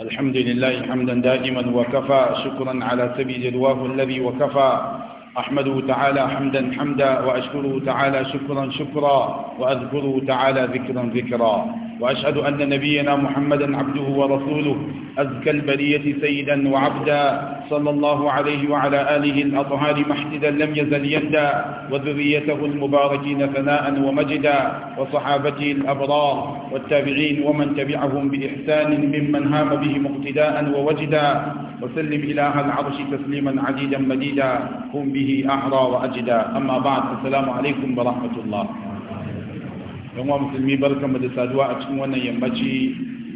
الحمد لله حمدا دائما وكفى شكرا على سبي جدواه الذي وكفى أحمده تعالى حمدا حمدا وأشكره تعالى شكرا شكرا وأذكره تعالى ذكرا ذكرا وأشهد أن نبينا محمدا عبده ورسوله أزكى البرية سيدا وعبدا صلى الله عليه وعلى آله الأطهار محددا لم يزل يندى وذريته المباركين ثناء ومجدا وصحابته الأبرار والتابعين ومن تبعهم بإحسان ممن هام بهم اقتداء ووجدا وسلم إله العرش تسليما عديدا مديدا هم به أحرى وأجدا أما بعد السلام عليكم ورحمة الله yan wa musulmi barkanmu da saduwa a cikin wannan yammaci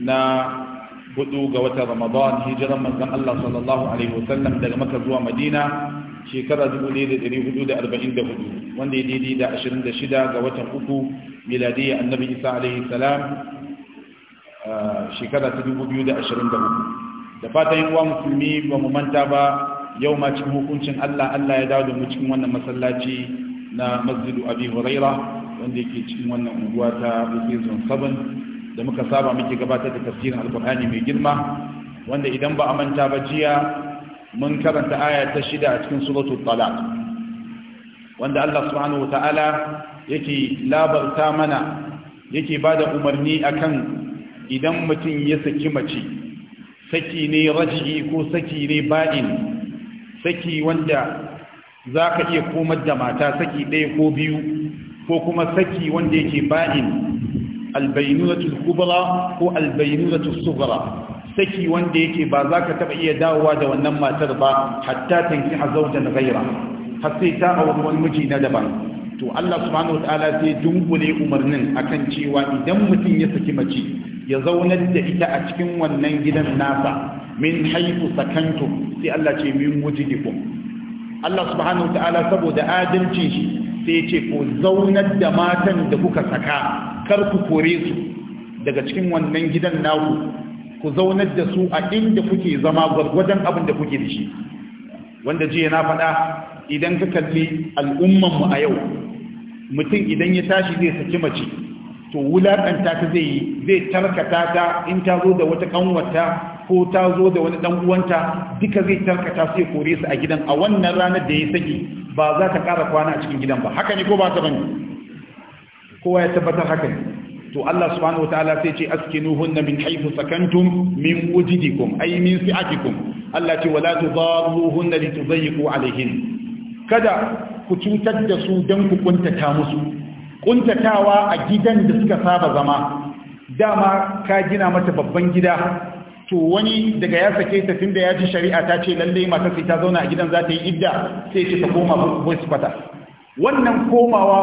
na hudu ga watan ramadan hijiran manzon Allah sallallahu alaihi wasallam daga maka zuwa madina shekara 1444 wanda ya daidai da 26 ga watan uku miladiyya annabi isa alaihi salam shekara ta 2024 da fatan yan uwa musulmi ba mu manta ba yau ma cikin hukuncin Allah Allah ya dawo da mu cikin wannan masallaci na masjidu abi huraira wanda yake cikin wannan unguwa ta bukin zon sabon da muka saba muke gabatar da tafsirin alkur'ani mai girma wanda idan ba a manta ba jiya mun karanta aya ta shida a cikin suratu talaq wanda Allah subhanahu wataala yake labarta mana yake bada umarni akan idan mutum ya saki mace saki ne raji'i ko saki ne ba'in saki wanda za ka iya komar da mata saki ɗaya ko biyu ko kuma saki wanda yake ba'in albayyinatul kubra ko albayyinatul sughra saki wanda yake ba za ka taɓa iya dawowa da wannan matar ba hatta tanki a zaujan gaira har sai ta auri wani miji na daban to Allah subhanahu wataala sai dunkule umarnin akan cewa idan mutum ya saki mace ya zaunar da ita a cikin wannan gidan nasa min haifu sakantum sai Allah ce min wujidikum Allah subhanahu wataala saboda adalcin shi sai ce ko zaunar da matan da kuka saka kar ku kore su daga cikin wannan gidan naku ku zaunar da su a inda kuke zama gwargwadon abin da kuke da shi wanda jiya na faɗa idan ka kalli al'ummanmu a yau mutum idan ya tashi zai saki mace to wulaƙanta ta zai yi zai tarkata ta in ta zo da wata kanwata ko ta zo da wani ɗan uwanta duka zai tarkata sai kore su a gidan a wannan ranar da ya saki ba za ta ƙara kwana a cikin gidan ba haka ne ko ba ta bane kowa ya tabbatar haka ne to Allah subhanahu wataala sai ce askinuhunna min haythu sakantum min wujidikum ay min si'atikum Allah ce wala tudaruhunna litudayyiqu alayhin kada ku cutar da su dan ku kuntata musu kuntatawa a gidan da suka saba zama dama ka gina mata babban gida to wani daga ya sake ta tunda ya ji shari'a ta ce lalle mata sai ta zauna a gidan za ta yi idda sai ce ta koma voice quarter wannan komawa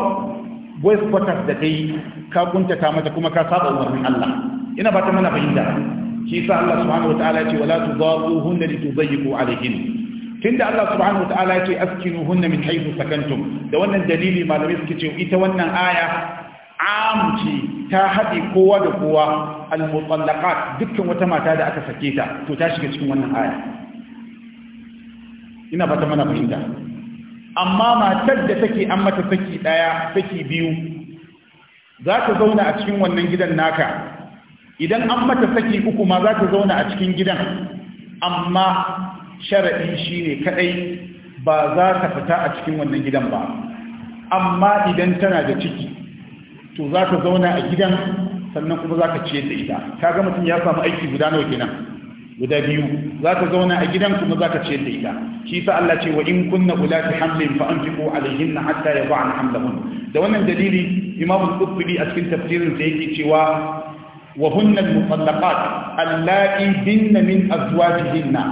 voice quarter da ta yi ka kuntata mata kuma ka saba umarnin Allah ina ba ta mana fahimta shi sa Allah subhanahu wa ta'ala ce wala tudahuhunna litudayyiqu alayhin tunda Allah subhanahu ta'ala ya ce askinuhunna min haythu sakantum da wannan dalili malamai suke ce ita wannan aya amci ta haɗe kowa da kowa al-mutallaqat dukkan wata mata da aka sake ta to ta shiga cikin wannan aya ina fata mana fahimta amma matar da take an mata saki daya saki biyu za ta zauna a cikin wannan gidan naka idan an mata saki uku ma za ta zauna a cikin gidan amma sharaɗi shi ne kaɗai ba za ta fita a cikin wannan gidan ba amma idan tana da ciki to za ka zauna a gidan sannan kuma za ka ciyar da ita kaga mutum ya samu aiki guda nawa kenan guda biyu za ka zauna a gidan kuma za ka ciyar da ita shi sa Allah ce wa in kunna ulati hamlin fa anfiqu alayhinna hatta yad'an hamlahun da wannan dalili imamu al-qurtubi a cikin tafsirin da yake cewa wa hunna mutallaqat allati binna min azwajihinna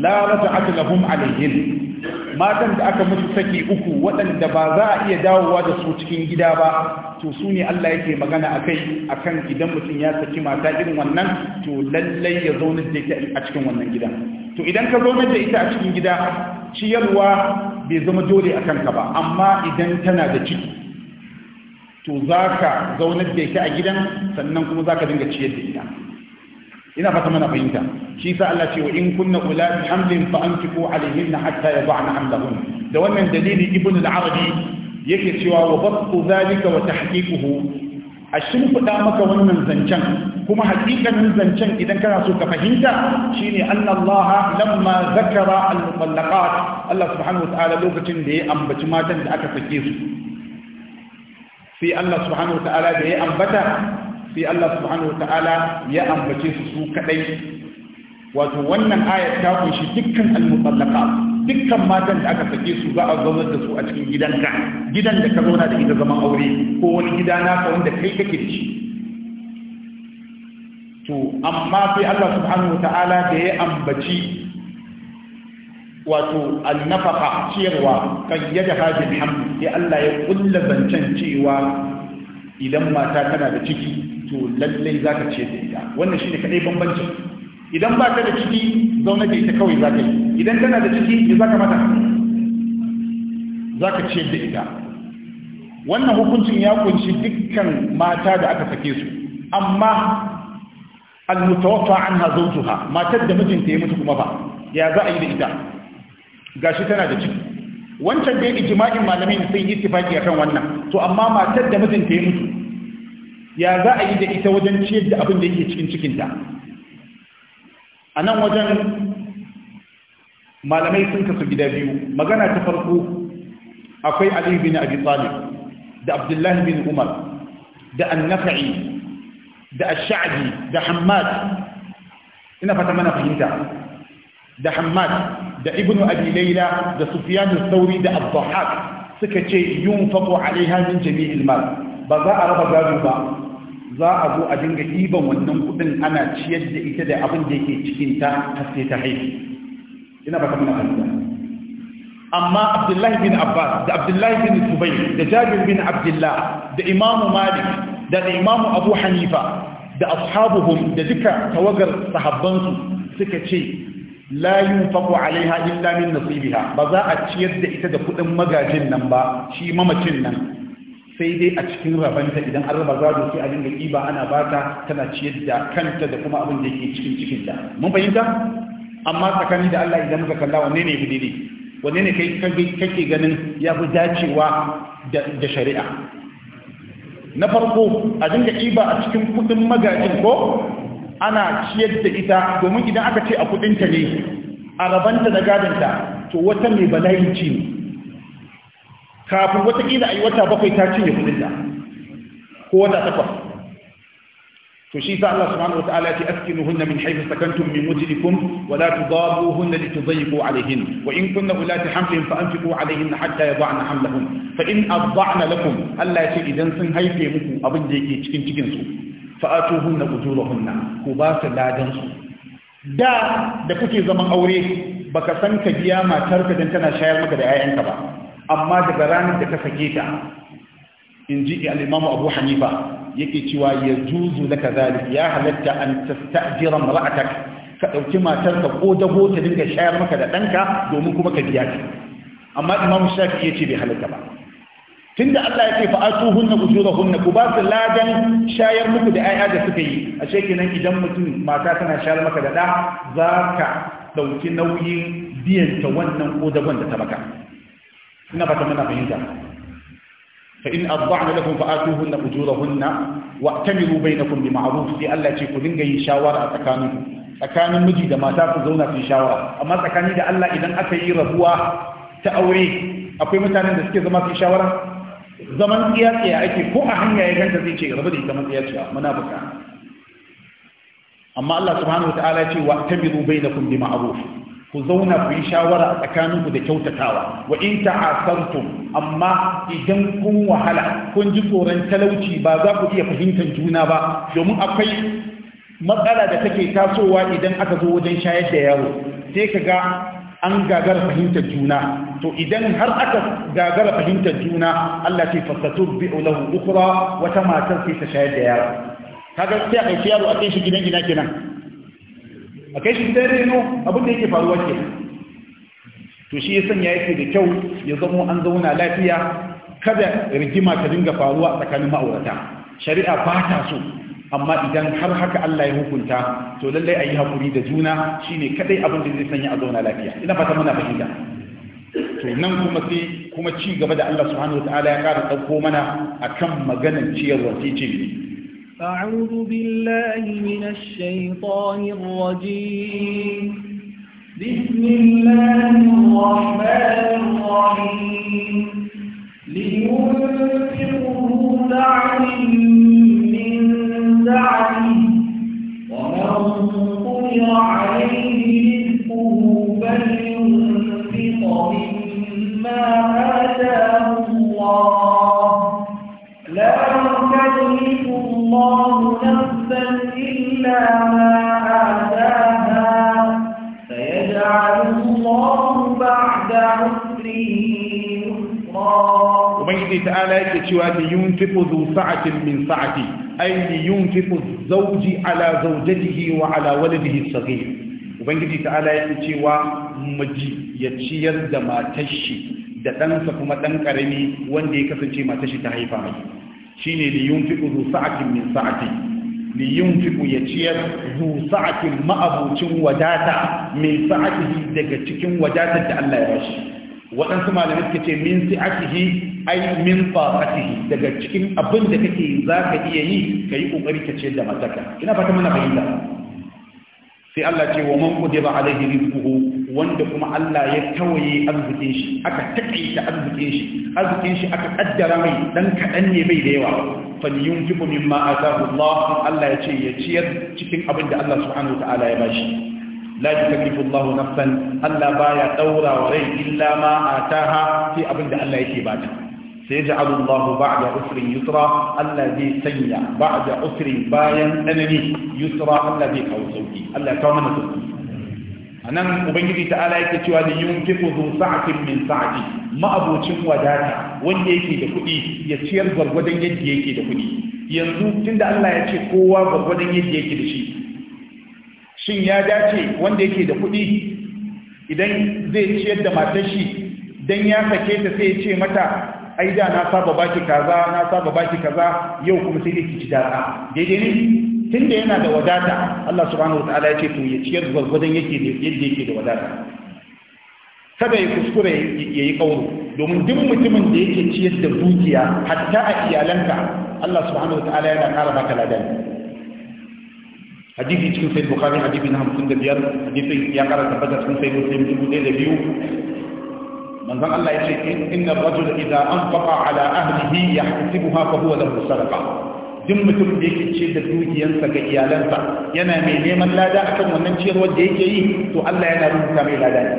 la rad'at lahum alayhin matan da aka musu saki uku waɗanda ba za a iya dawowa da su cikin gida ba to su ne Allah yake magana a kai a kan idan mutum ya saki mata irin wannan to lallai ya zaune da ita a cikin wannan gida to idan ka zaune da ita a cikin gida ciyarwa bai zama dole a kanka ba amma idan tana da ciki to za ka zaune da ita a gidan sannan kuma za ka dinga ciyar da ita ina fata mana fahimta shi sa Allah ce wa in kunna ulati hamlin fa anfiqu alaihinna hatta yad'ana hamlahun da wannan dalilin ibn al-arabi yake cewa wa basu zalika wa tahqiquhu a shimfiɗa maka wannan zancen kuma haƙiƙanin zancen idan kana so ka fahimta shine annallaha lamma zakara al-mutallaqat Allah subhanahu wataala lokacin da ya ambaci matan da aka sake su sai Allah subhanahu wataala da ya ambata sai Allah subhanahu wataala ya ambace su su kadai wato wannan ayat ta kunshi dukkan al-mutallaqat dukkan matan da aka sake su ba a zaunar da su a cikin gidanka gidan da ka zauna da ita zaman aure ko wani gida ka wanda kai kake da shi to amma sai Allah subhanahu ta'ala da ya ambaci wato annafaka ciyarwa yadda hajjin hamdu sai Allah ya kulla zancen cewa idan mata tana da ciki to lallai za ka ce da ita wannan shi ne kaɗai bambancin idan ba ta da ciki zaune da ita kawai za ka yi idan tana da ciki me zaka mata zaka ce da ita wannan hukuncin ya kunshi dukkan mata da aka sake su amma almutawaffa anha zawjuha matar da mijinta ya mutu kuma ba ya za a yi da ita gashi tana da ciki wancan dai ijma'in malamin sun yi a akan wannan to amma matar da mijinta ya mutu ya za a yi da ita wajen ciyar da abin da yake cikin cikinta a nan wajen malamai sun kasu gida biyu magana ta farko akwai ali bin abi talib da abdullahi bin umar da annafa'i da ash-sha'bi da hammad ina fata mana fahimta da hammad da ibnu abi layla da sufyan al-thawri da ad suka ce yunfaqu alaiha min jami'il mal ba za a raba gado ba za a zo a dinga ɗiban wannan kuɗin ana ciyar da ita da abin da yake cikin ta har sai ta haihu ina ba kamar Allah amma Abdullahi bin Abbas da Abdullahi bin Zubair da Jabir bin Abdullah da Imam Malik da Imam Abu Hanifa da ashabuhum da duka tawagar sahabban su suka ce la yunfaqu alaiha illa min nasibiha ba za a ciyar da ita da kudin magajin nan ba shi mamacin nan sai dai a cikin rabanta idan an raba gado sai a dinga kiba ana bata tana ciyar da kanta da kuma abin da yake cikin cikin ta mun fahimta amma tsakani da Allah idan muka kalla wanne ne bidini wanne ne kai kake ganin ya fi dacewa da shari'a na farko a dinga iba a cikin kudin magajin ko ana ciyar da ita domin idan aka ce a kudinta ne a rabanta da gadanta to wata mai balayin ci ne kafin watakila a yi wata bakwai ta cinye kudinta ko wata takwas to shi sa Allah subhanahu wataala ya ce askinuhunna min haythu sakantum min wujdikum wa la tudaruhunna litudayyiqu alayhin wa in kunna ulati hamlin fa anfiqu alayhin hatta yad'na hamlahun fa in ad'na lakum Allah ya ce idan sun haife muku abin da yake cikin cikin su fa atuhunna hunna ku ba su ladan da da kuke zaman aure baka san ka biya matarka dan tana shayar maka da 'ya'yanka ba amma daga ranar da ka sake ta in ji al'imamu abu hanifa yake cewa ya juzu na ka ya halatta an tastajira mara'atak ka ɗauki matarka ko dabo ta dinga shayar maka da ɗanka domin kuma ka biya ta amma imamu shafi ya ce bai halatta ba tunda Allah ya ce fa atuhunna hunna ku ba su ladan shayar muku da ayya da suka yi a shekinan idan mutum mata tana shayar maka da ɗa za ka ɗauki nauyin biyan ta wannan ko dagon da ta maka ina ba ta muna fahimta فإن أطبعن لكم فآتوهن أجورهن واعتمروا بينكم بمعروف sai Allah ce ku dinga yi shawara a tsakaninku tsakanin miji da mata ku zauna su shawara amma tsakani da Allah idan aka yi rabuwa ta aure akwai mutanen da suke zama su shawara zaman tsiyatsiya ake ko a hanya ya ganta zai ce rabu da ita matsiyaciya muna buka amma Allah subhanahu wataala ya ce wa'tamiru bainakum bima'ruf ku zauna ku yi shawara a tsakaninku da kyautatawa wa in ta'asartum amma idan kun wahala kun ji tsoron talauci ba za ku iya fahimtar juna ba domin akwai matsala da take tasowa idan aka zo wajen shayar da yaro sai ka ga an gagara fahimtar juna to idan har aka gagara fahimtar juna Allah ce fasatu bi'u ulahu ukhra wata matar sai ta shayar da yaro kaga sai a ɗauki yaro a kai shi gidan gina kenan a kai shi gidan reno abin da yake faruwa ke to shi ya sanya yake da kyau ya zamo an zauna lafiya kada rigima ta dinga faruwa tsakanin ma'aurata shari'a ba ta so amma idan har haka Allah ya hukunta to lallai a yi haƙuri da juna shine kadai abin da zai sanya a zauna lafiya ina fata muna fahimta to nan kuma sai kuma ci gaba da Allah subhanahu wataala ya ƙara ɗauko mana akan maganar ciyarwa ce ce أعوذ بالله من الشيطان الرجيم بسم الله الرحمن الرحيم لينفقوا دعم من دعم ومن قدر عليه رزقه فلينفق مما آتاه الله لا يكلف الله نفسا إلا ما آتاها فيجعل الله بعد عسر يسرا وبنجي تعالى يكتشوا لينفق ذو سعة من سعته أي ينفق الزوج على زوجته وعلى ولده الصغير وبنجي تعالى يكتشوا مجي يتشير دما تشي da ɗansa kuma ɗan ƙarami wanda ya kasance ta haifa mai shine li zu sa'atin min sa'ati li ya ciyar zu sa'atin ma'abucin wadata min sa'atihi daga cikin wadatar da Allah ya bashi waɗansu malamai suka ce min sa'atihi ai min fa'atihi daga cikin abin da kake za ka iya yi ka yi ƙoƙari ka ciyar da mataka ina fata mana fahimta sai Allah ce wa man qudira alaihi rizquhu wanda kuma Allah ya tawaye arzikin shi aka taƙaita arzikin shi arzikin shi aka ƙaddara mai dan kaɗan ne bai da yawa faliyun kifu mimma atahu Allah Allah ya ce ya ciyar cikin abin da Allah subhanahu ta'ala ya bashi la yukallifu Allah nafsan Allah baya daura wa rai illa ma ataha fi abin da Allah yake bata sai ja'alu Allah ba'da usrin yusra Allah zai sanya ba'da usrin bayan tsanani yusra Allah zai kawo sauki Allah ya kawo mana sauki anan ubangiji ta ta'ala yake cewa da kifu zu sa'atin min sa'ati ma'abocin wadata wanda yake da kuɗi ya ciyar gwargwadon yadda yake da kuɗi yanzu tunda Allah ya ce kowa gwargwadon yadda yake da shi shin ya dace wanda yake da kuɗi idan zai ciyar da matar shi dan ya sake ta sai ya ce mata ai da na saba baki kaza na saba baki kaza yau kuma sai ki ci daɗa daidai ne tun da yana da wadata Allah subhanahu wa ta'ala ya ce to ya ciyar gwargwadon yake da yadda yake da wadata kada ya kuskure ya yi kauro domin duk mutumin da yake ci da dukiya hatta a iyalanka Allah subhanahu wa ta'ala yana kara maka ladan hadisi cikin sai bukhari hadisi na 55 hadisi ya kara tabbata cikin sai muslim 2002 manzon Allah ya ce inna rajula idza anfaqa ala ahlihi yahsibuha fa huwa lahu sadaqa duk mutum da yake ce da dukiyarsa ga iyalansa yana mai neman lada akan wannan ciyarwar da yake yi to Allah yana rubuta mai lada ne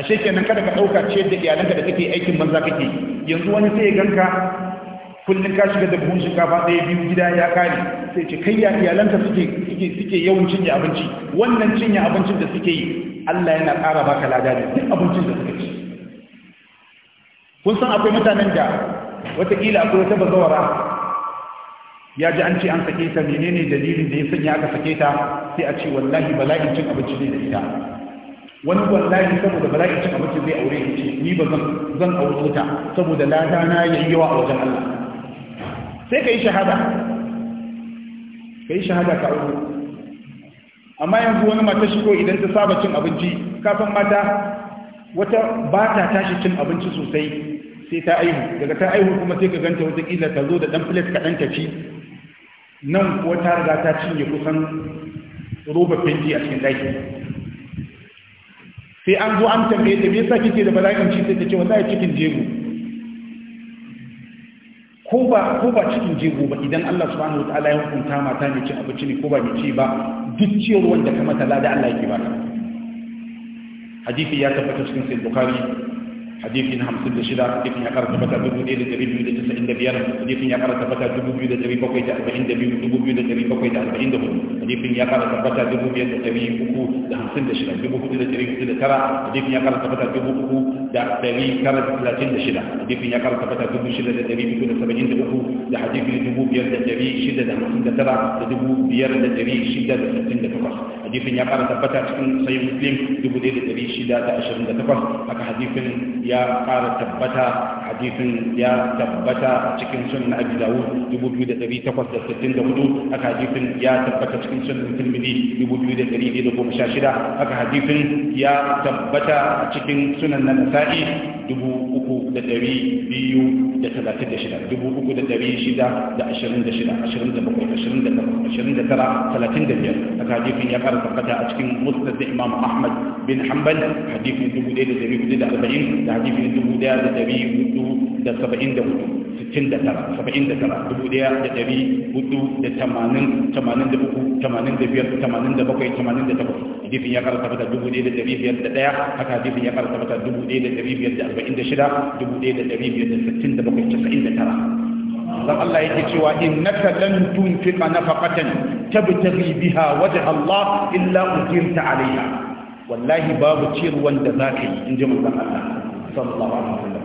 ashe kenan kada ka ɗauka ce da iyalanka da kake aikin banza kake yanzu wani sai ya ganka kullum ka shiga da buhun shinkafa ɗaya biyu gida ya kare sai ce kai ya iyalanka suke suke suke yawan cinye abinci wannan cinye abincin da suke yi Allah yana ƙara baka lada ne duk abincin da suka ci kun san akwai mutanen da watakila akwai wata bazawara ya ji an ce an sake ta menene dalilin da ya sanya aka sake ta sai a ce wallahi bala'in cin abinci ne da ita wani wallahi saboda bala'in cin abinci zai aure ya ce ni ba zan zan aure ta saboda lada na yi yawa a wajen Allah sai kai shahada kai shahada ka aure amma yanzu wani mata shigo idan ta saba cin abinci kafin mata wata ba ta tashi cin abinci sosai sai ta aihu daga ta aihu kuma sai ka ganta wata kila ta zo da dan plate kaɗan ta ci nan kuwa ta riga ta cinye kusan roba fenti a cikin daki sai an zo an tambaye ta me yasa kike da bala'in ci sai ta ce wallahi cikin jego ko ba ko ba cikin jego ba idan Allah subhanahu wataala ya hukunta mata ne ci abinci ne ko ba mai ci ba duk ciyarwar da ka mata lada Allah yake baka hadisi ya tabbata cikin sahih bukhari hadisin hamsin da shida hadisin ya kara tabbata dubu ɗaya da ɗari biyu da casa'in da biyar hadisin ya kara tabbata dubu biyu da ɗari bakwai da arba'in da biyu dubu biyu da ɗari bakwai da arba'in da hudu hadisin ya kara tabbata dubu biyar da ɗari uku da hamsin da shida dubu hudu da ɗari hudu da tara hadisin ya kara tabbata dubu uku da dari tara da talatin da shida hadisin ya karanta tabbata dubu shida da dari biyu da saba'in da uku da hadisin dubu biyar da dari shida da hamsin da tara da dubu biyar da dari shida da sittin da takwas Hadifin ya karanta tabbata cikin sayin muslim dubu ɗaya da dari shida da ashirin da takwas haka hadifin ya ƙara tabbata Hadifin ya tabbata cikin sunan abi dawud dubu biyu da dari takwas da sittin da hudu haka hadifin ya tabbata cikin sunan tilmidi dubu biyu da dari biyu da goma sha shida haka hadifin ya tabbata cikin sunan na nasa'i nasa'i dubu uku da ɗari biyu da talatin da shida dubu uku da ɗari shida da ashirin da shida ashirin da bakwai ashirin da takwas ashirin da tara talatin da biyar haka ya ƙara tabbata a cikin musnad da imam ahmad bin hanbal hadifin dubu ɗaya da ɗari hudu da arba'in da hadifin dubu ɗaya da ɗari hudu da saba'in da hudu 69 dubu daya da dari hudu da tamanin tamanin da uku tamanin da biyar tamanin da bakwai tamanin da takwas hadifin ya karanta mata dubu daya da dari biyar da daya haka hadifin ya karanta mata dubu daya da dari biyar da arba'in da shida dubu daya da dari biyar da sittin da bakwai casa'in da tara dan Allah yake cewa innaka lan tunfiqa ta tabtaghi biha wajha Allah illa ujirta Alaina. wallahi babu ciyarwan da zaka yi ji manzon Allah sallallahu alaihi wasallam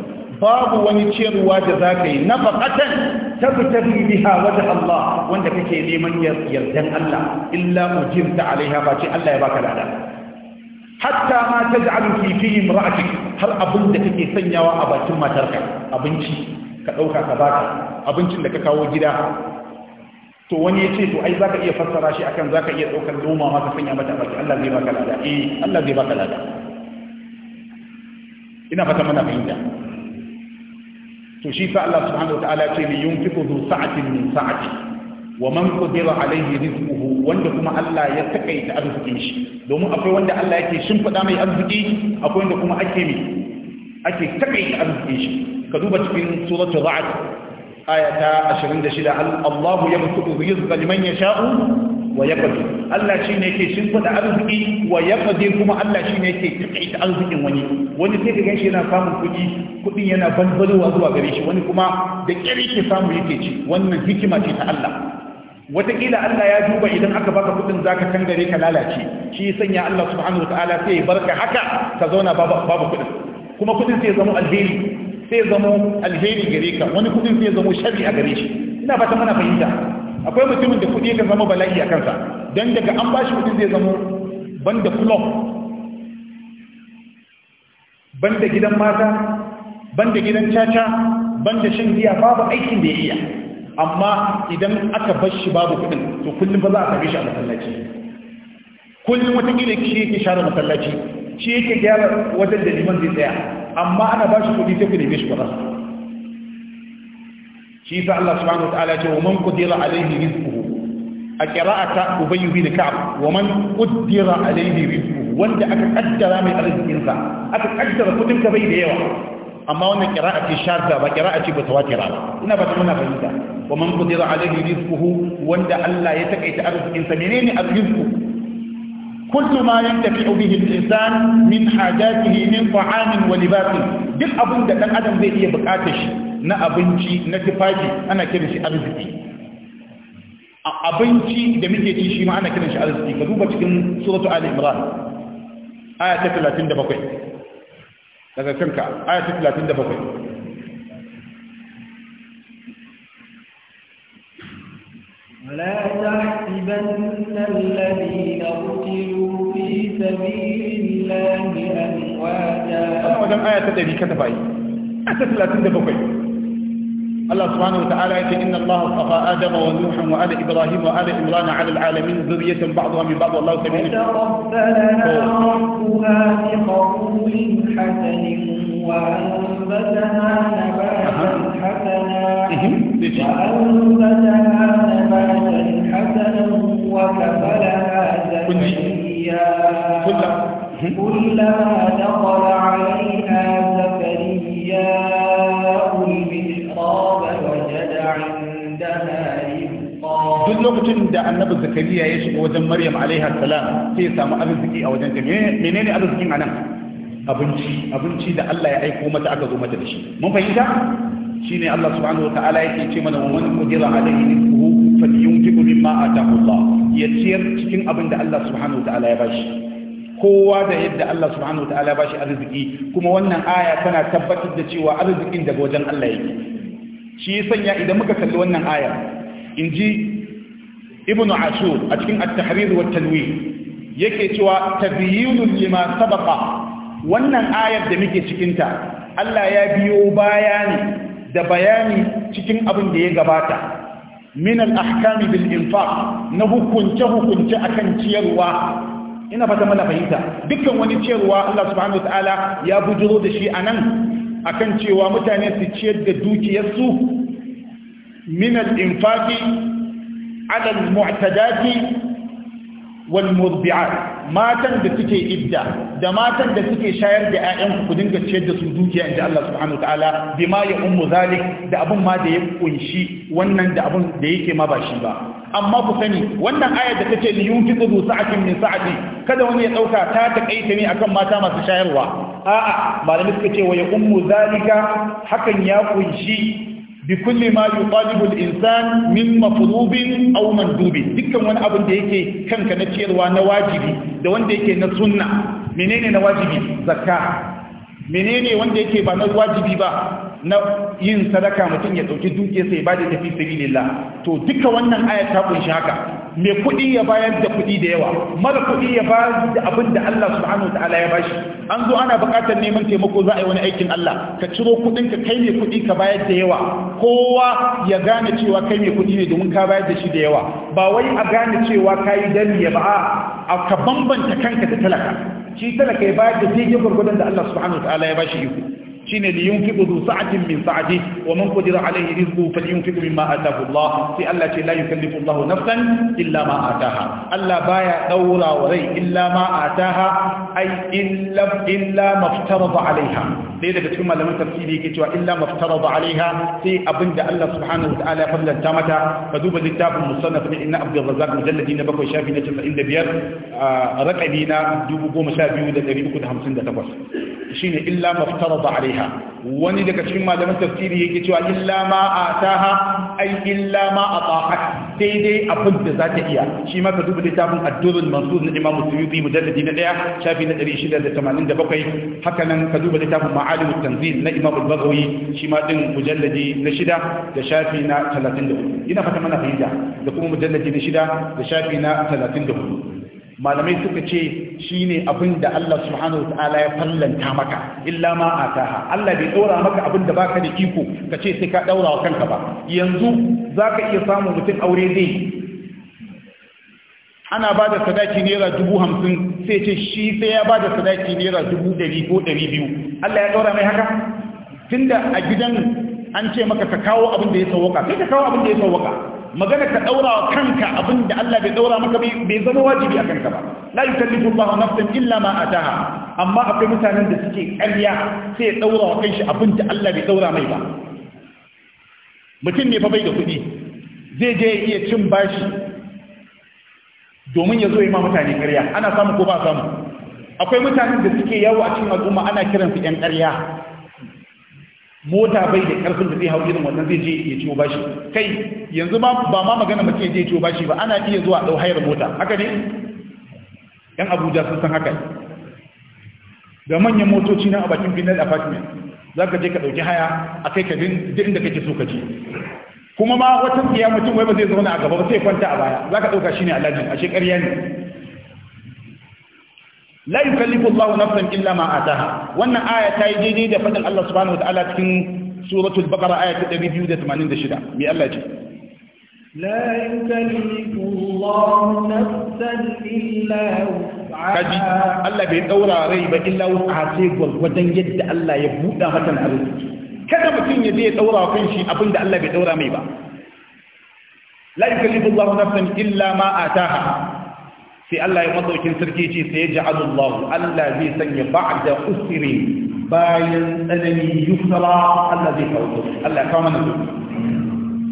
babu wani ciyarwa da za ka yi na faƙatan ta fi biha wajen Allah wanda kake neman yardan Allah illa ujirta alaiha ba ce Allah ya baka lada hatta ma ta ja'alu fi fihim ra'atik har abin da kake sanyawa a bakin matarka abinci ka ɗauka ka baka abincin da ka kawo gida to wani ya ce to ai zaka iya fassara shi akan zaka iya daukar noma ma ka sanya mata baki Allah zai baka lada eh Allah zai baka lada ina fata mana fahimta to shi sa Allah subhanahu wataala ce li yunfiqu dhu sa'atin min sa'ati wa man qadira alayhi rizquhu wanda kuma Allah ya takaita arzikin shi domin akwai wanda Allah yake shimfida mai arziki akwai wanda kuma ake mi ake takaita arzikin shi ka duba cikin suratul ra'd آية 26 الله يبسط الرزق لمن يشاء wa yaqdi Allah ne ke shimfida arziki wa kuma Allah shine yake takaita arzikin wani wani sai ka ganshi yana samun kuɗi kuɗin yana balbalowa zuwa gare shi wani kuma da kyari ke samu yake ci wannan hikima ce ta Allah wataƙila Allah ya duba idan aka baka kuɗin zaka tangare ka lalace shi sanya Allah subhanahu wataala sai ya barka haka ka zauna babu babu kuɗin kuma kuɗin sai ya zama alheri sai ya zama alheri gare ka wani kuɗin sai ya zama sharri a gare shi ina fata mana fahimta akwai mutumin da kuɗi ka zama bala'i a kansa don daga an bashi kuɗin zai zama banda ban banda gidan mata banda gidan caca banda shan giya babu aikin da ya iya amma idan aka bar babu kuɗin to kullum ba za a same shi a masallaci kullum gina shi yake share masallaci shi yake gyara wajen da liman zai tsaya amma ana bashi kudi kuɗi sai ku neme shi ba shi yasa Allah subhanahu wa ya ce wa man qadira alaihi rizquhu a qira'ata ubay bin ka'ab wa man qadira alaihi rizquhu wanda aka kaddara mai arzikin sa aka kaddara kudin ka bai da yawa amma wannan qira'a ce sharta ba qira'a ce ba tawatira ba ina ba ta muna fahimta wa man qadira alaihi rizquhu wanda Allah ya takaita arzikin sa menene arzikin كل ما ينتفع به الإنسان من حاجاته من طعام ولباس دل أبن دل أدم زي إيه بقاتش na abinci na tufafi ana kiran shi arziki abinci da muke ci shi ma ana kiran shi arziki ka duba cikin suratu ali imran aya ta 37 daga kanka aya ta 37 ولا تحسبن الذين قتلوا في سبيل الله أمواتا أنا وجم آية تدري كتب آية أساس لا الله سبحانه وتعالى يقول إن الله اصطفى آدم ونوحا وآل إبراهيم وآل عمران على العالمين ذرية بعضها من بعض والله سميع ربنا ربها بقبول حسن وأنبتها نباتا حسنا وأنبتها نباتا حسنا وكفلها زكيا كلما دخل عليه lokacin da annabi zakariya ya shiga wajen maryam alaiha salam sai ya samu arziki a wajen ta menene arzikin anan abinci abinci da Allah ya aiko mata aka zo mata da shi mun fahimta shine Allah subhanahu wataala yake ce mana man qadira alaihi rizquhu falyunfiq mimma ataahu Allah ya ciyar cikin abin da Allah subhanahu wataala ya bashi kowa da yadda Allah subhanahu wataala ya bashi arziki kuma wannan aya tana tabbatar da cewa arzikin daga wajen Allah yake shi sanya idan muka kalli wannan aya in ji ibn ashur a cikin at-tahrir wa tanwir yake cewa tabyinun lima sabaqa wannan ayar da muke cikin ta Allah ya biyo bayani da bayani cikin abin da ya gabata min al-ahkam bil infaq na hukunce hukunce akan ciyarwa ina fata mana fahimta dukkan wani ciyarwa Allah subhanahu wa ya bujuro da shi anan akan cewa mutane su ciyar da dukiyarsu min al-infaqi على المعتدات والمرضعات matan da suke idda da matan da suke shayar da 'ya'yanku ku dinga ciyar da su dukiya inda Allah subhanahu da abun ma da ya kunshi wannan da abun da yake ma ba shi ba amma ku sani wannan ayar da take ni yunfiqu du sa'atin min sa'ati kada wani ya ɗauka ta takaita ne akan mata masu shayarwa a'a malamai suka ce wa ya ummu zalika hakan ya kunshi بكل ما يطالب الانسان من مطلوب او dukkan wani abin da yake kanka na ciyarwa na wajibi da wanda yake na sunna menene na wajibi zakka menene wanda yake ba na wajibi ba na yin sadaka mutum ya dauki duke sai ba da tafi sabilillah to duka wannan aya ta kunshi haka mai kudi ya bayar da kudi da yawa mara kudi ya bayar da abin da Allah subhanahu ta'ala ya bashi an zo ana bukatar neman taimako za a yi wani aikin Allah ka ciro kudin ka kai mai kudi ka bayar da yawa kowa ya gane cewa kai mai kudi ne domin ka bayar da shi da yawa ba wai a gane cewa kai ya ba a ka bambanta kanka da talaka shi talaka ya bayar da daidai gwargwadon da Allah subhanahu ta'ala ya bashi shine li yunfiqu du sa'atin min sa'ati wa man qadira alayhi rizquhu falyunfiq mimma ataahu Allah sai Allah ce la yukallifu Allah nafsan illa ma ataaha Allah baya daura wa rai illa ma ataaha ai illa illa maftarada alaiha dai daga cikin malaman tafsiri yake cewa illa maftarada alaiha sai abinda Allah subhanahu wa ta'ala ya fallanta mata ka duba littafin musannaf na inna abdul razzaq mujalladi na bakwai shafi na 95 raqabi na 12358 shine illa maftarada alaiha wani daga cikin malaman tafsiri yake cewa illa ma ataha ai illa ma ata'at daidai abin da za ta iya shi ma ka duba littafin ad mansur na Imam Musulmi mujalladi na 1 shafi na 687 haka nan ka duba littafin ma'alimut tanzil na Imam al-Baghawi shi ma din mujalladi na 6 da shafi na 34 ina fata mana fahimta da kuma mujalladi na 6 da shafi na 34 malamai suka ce shine abin da Allah subhanahu ta'ala ya fallanta maka illa ma ataha Allah bai ɗaura maka abin da baka da iko ka ce sai ka ɗaura wa kanka ba yanzu zaka iya samu mutum aure zai ana ba da sadaki naira dubu hamsin sai ce shi sai ya ba da sadaki naira dubu ɗari ko ɗari biyu Allah ya ɗaura mai haka tunda a gidan an ce maka ka kawo abin da ya sauwaka sai ka kawo abin da ya sauwaka magana ka daura wa kanka abin da Allah bai daura maka bai zama wajibi a kanka ba la yukallifu Allahu nafsan illa ma ataha amma akwai mutanen da suke ƙarya sai ya daura wa kanshi abin da Allah bai daura mai ba mutum ne fa bai da kuɗi zai je iya cin bashi domin ya zo yi ma mutane ƙarya ana samu ko ba samu akwai mutanen da suke yawo a cikin al'umma ana kiransu 'yan ƙarya mota bai da karfin da zai hau irin wannan zai je ya ciwo bashi kai yanzu ba ma magana mace zai ciwo bashi ba ana iya zuwa dau hayar mota haka ne yan abuja sun san haka da manyan motoci na a bakin final apartment za ka je ka ɗauki haya a kai ka din duk inda kake so ka je kuma ma wata tsiya mutum wai ba zai zauna a gaba ba sai kwanta a baya za ka ɗauka shi ne alhajin a shekarya ne la yukallifu Allahu nafsan illa ma ataha wannan aya ta yi daidai da faɗin Allah subhanahu cikin suratul baqara aya ta 286 me Allah ce la yukallifu Allahu nafsan illa kaji Allah bai daura rai ba illa wusa sai gwargwadon yadda Allah ya buɗa mata arziki kada mutum ya ya daura kan abinda Allah bai daura mai ba la yukallifu Allahu nafsan illa ma sai Allah ya masaukin sarki ce sai ya ji Allah zai sanya da usiri bayan tsanani yusra Allah zai kawo Allah ya kawo mana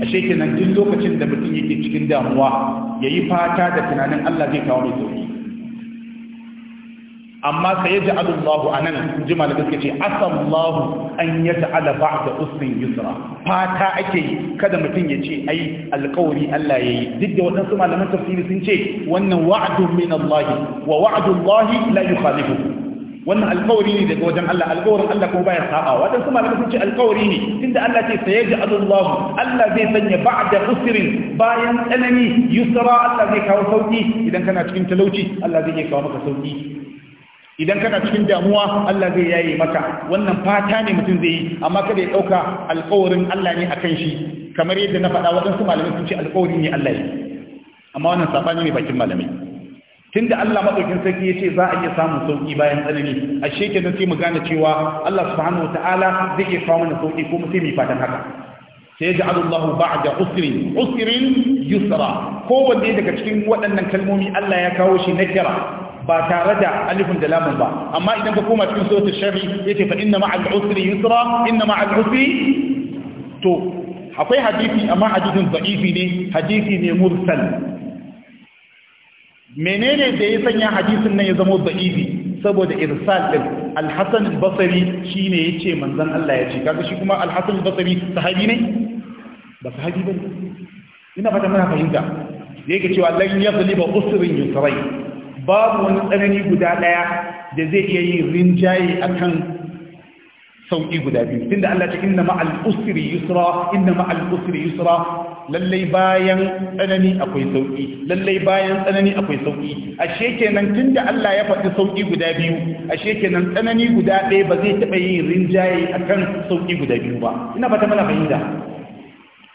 ashe kenan duk lokacin da mutum yake cikin damuwa yayi fata da tunanin Allah zai kawo mai sauki amma sai ya ja'alu Allahu anan ji ce asallahu an ya ta'ala da usrin yusra fata ake yi kada mutum ya ce ai alƙawari Allah yayi duk da waɗansu malaman tafsiri sun ce wannan wa'du min Allah wa wa'du Allah la yukhalifu wannan alƙawari ne daga wajen Allah alƙawarin Allah kuma baya sa'a waɗansu malaman sun ce alƙawari ne tunda Allah ce sai ya Allah Allah zai sanya ba'da usirin bayan tsanani yusra Allah zai kawo sauki idan kana cikin talauci Allah zai kawo maka sauki idan kana cikin damuwa Allah zai yaye maka wannan fata ne mutum zai yi amma kada ya dauka alƙawarin Allah ne akan shi kamar yadda na faɗa waɗansu malamai sun ce alƙawari ne Allah ne amma wannan sabani ne bakin malamai tunda Allah madaukin sarki yace za a iya samun sauki bayan tsanani ashe kenan sai mu gane cewa Allah subhanahu wataala zai iya kawo mana sauki ko mu sai fatan haka ya الله بعد عسر عسر يسرا هو دي daga cikin waɗannan kalmomi Allah ya kawo shi nakira ba tare da alifin da lamun ba amma idan ka koma cikin suratul sharhi yace fa inna ma'al usri yusra inna ma'al usri to akwai hadisi amma hadisin da'ifi ne hadisi ne mursal menene da ya sanya hadisin nan ya zama da'ifi saboda irsal din al-hasan al-basri shine yace manzon Allah ya ce kaga shi kuma al-hasan al-basri sahabi ne ba sahabi bane ina fata muna fahimta yake cewa lan yaghliba usrin yusrai babu wani tsanani guda ɗaya da zai iya yin rinjaye akan sauƙi guda biyu tunda Allah ta inna ma'al usri yusra inna ma'al usri yusra lallai bayan tsanani akwai sauƙi lallai bayan tsanani akwai sauƙi ashe kenan tunda Allah ya faɗi sauƙi guda biyu ashe kenan tsanani guda ɗaya ba zai taɓa yin rinjaye akan sauƙi guda biyu ba ina fata mana fahimta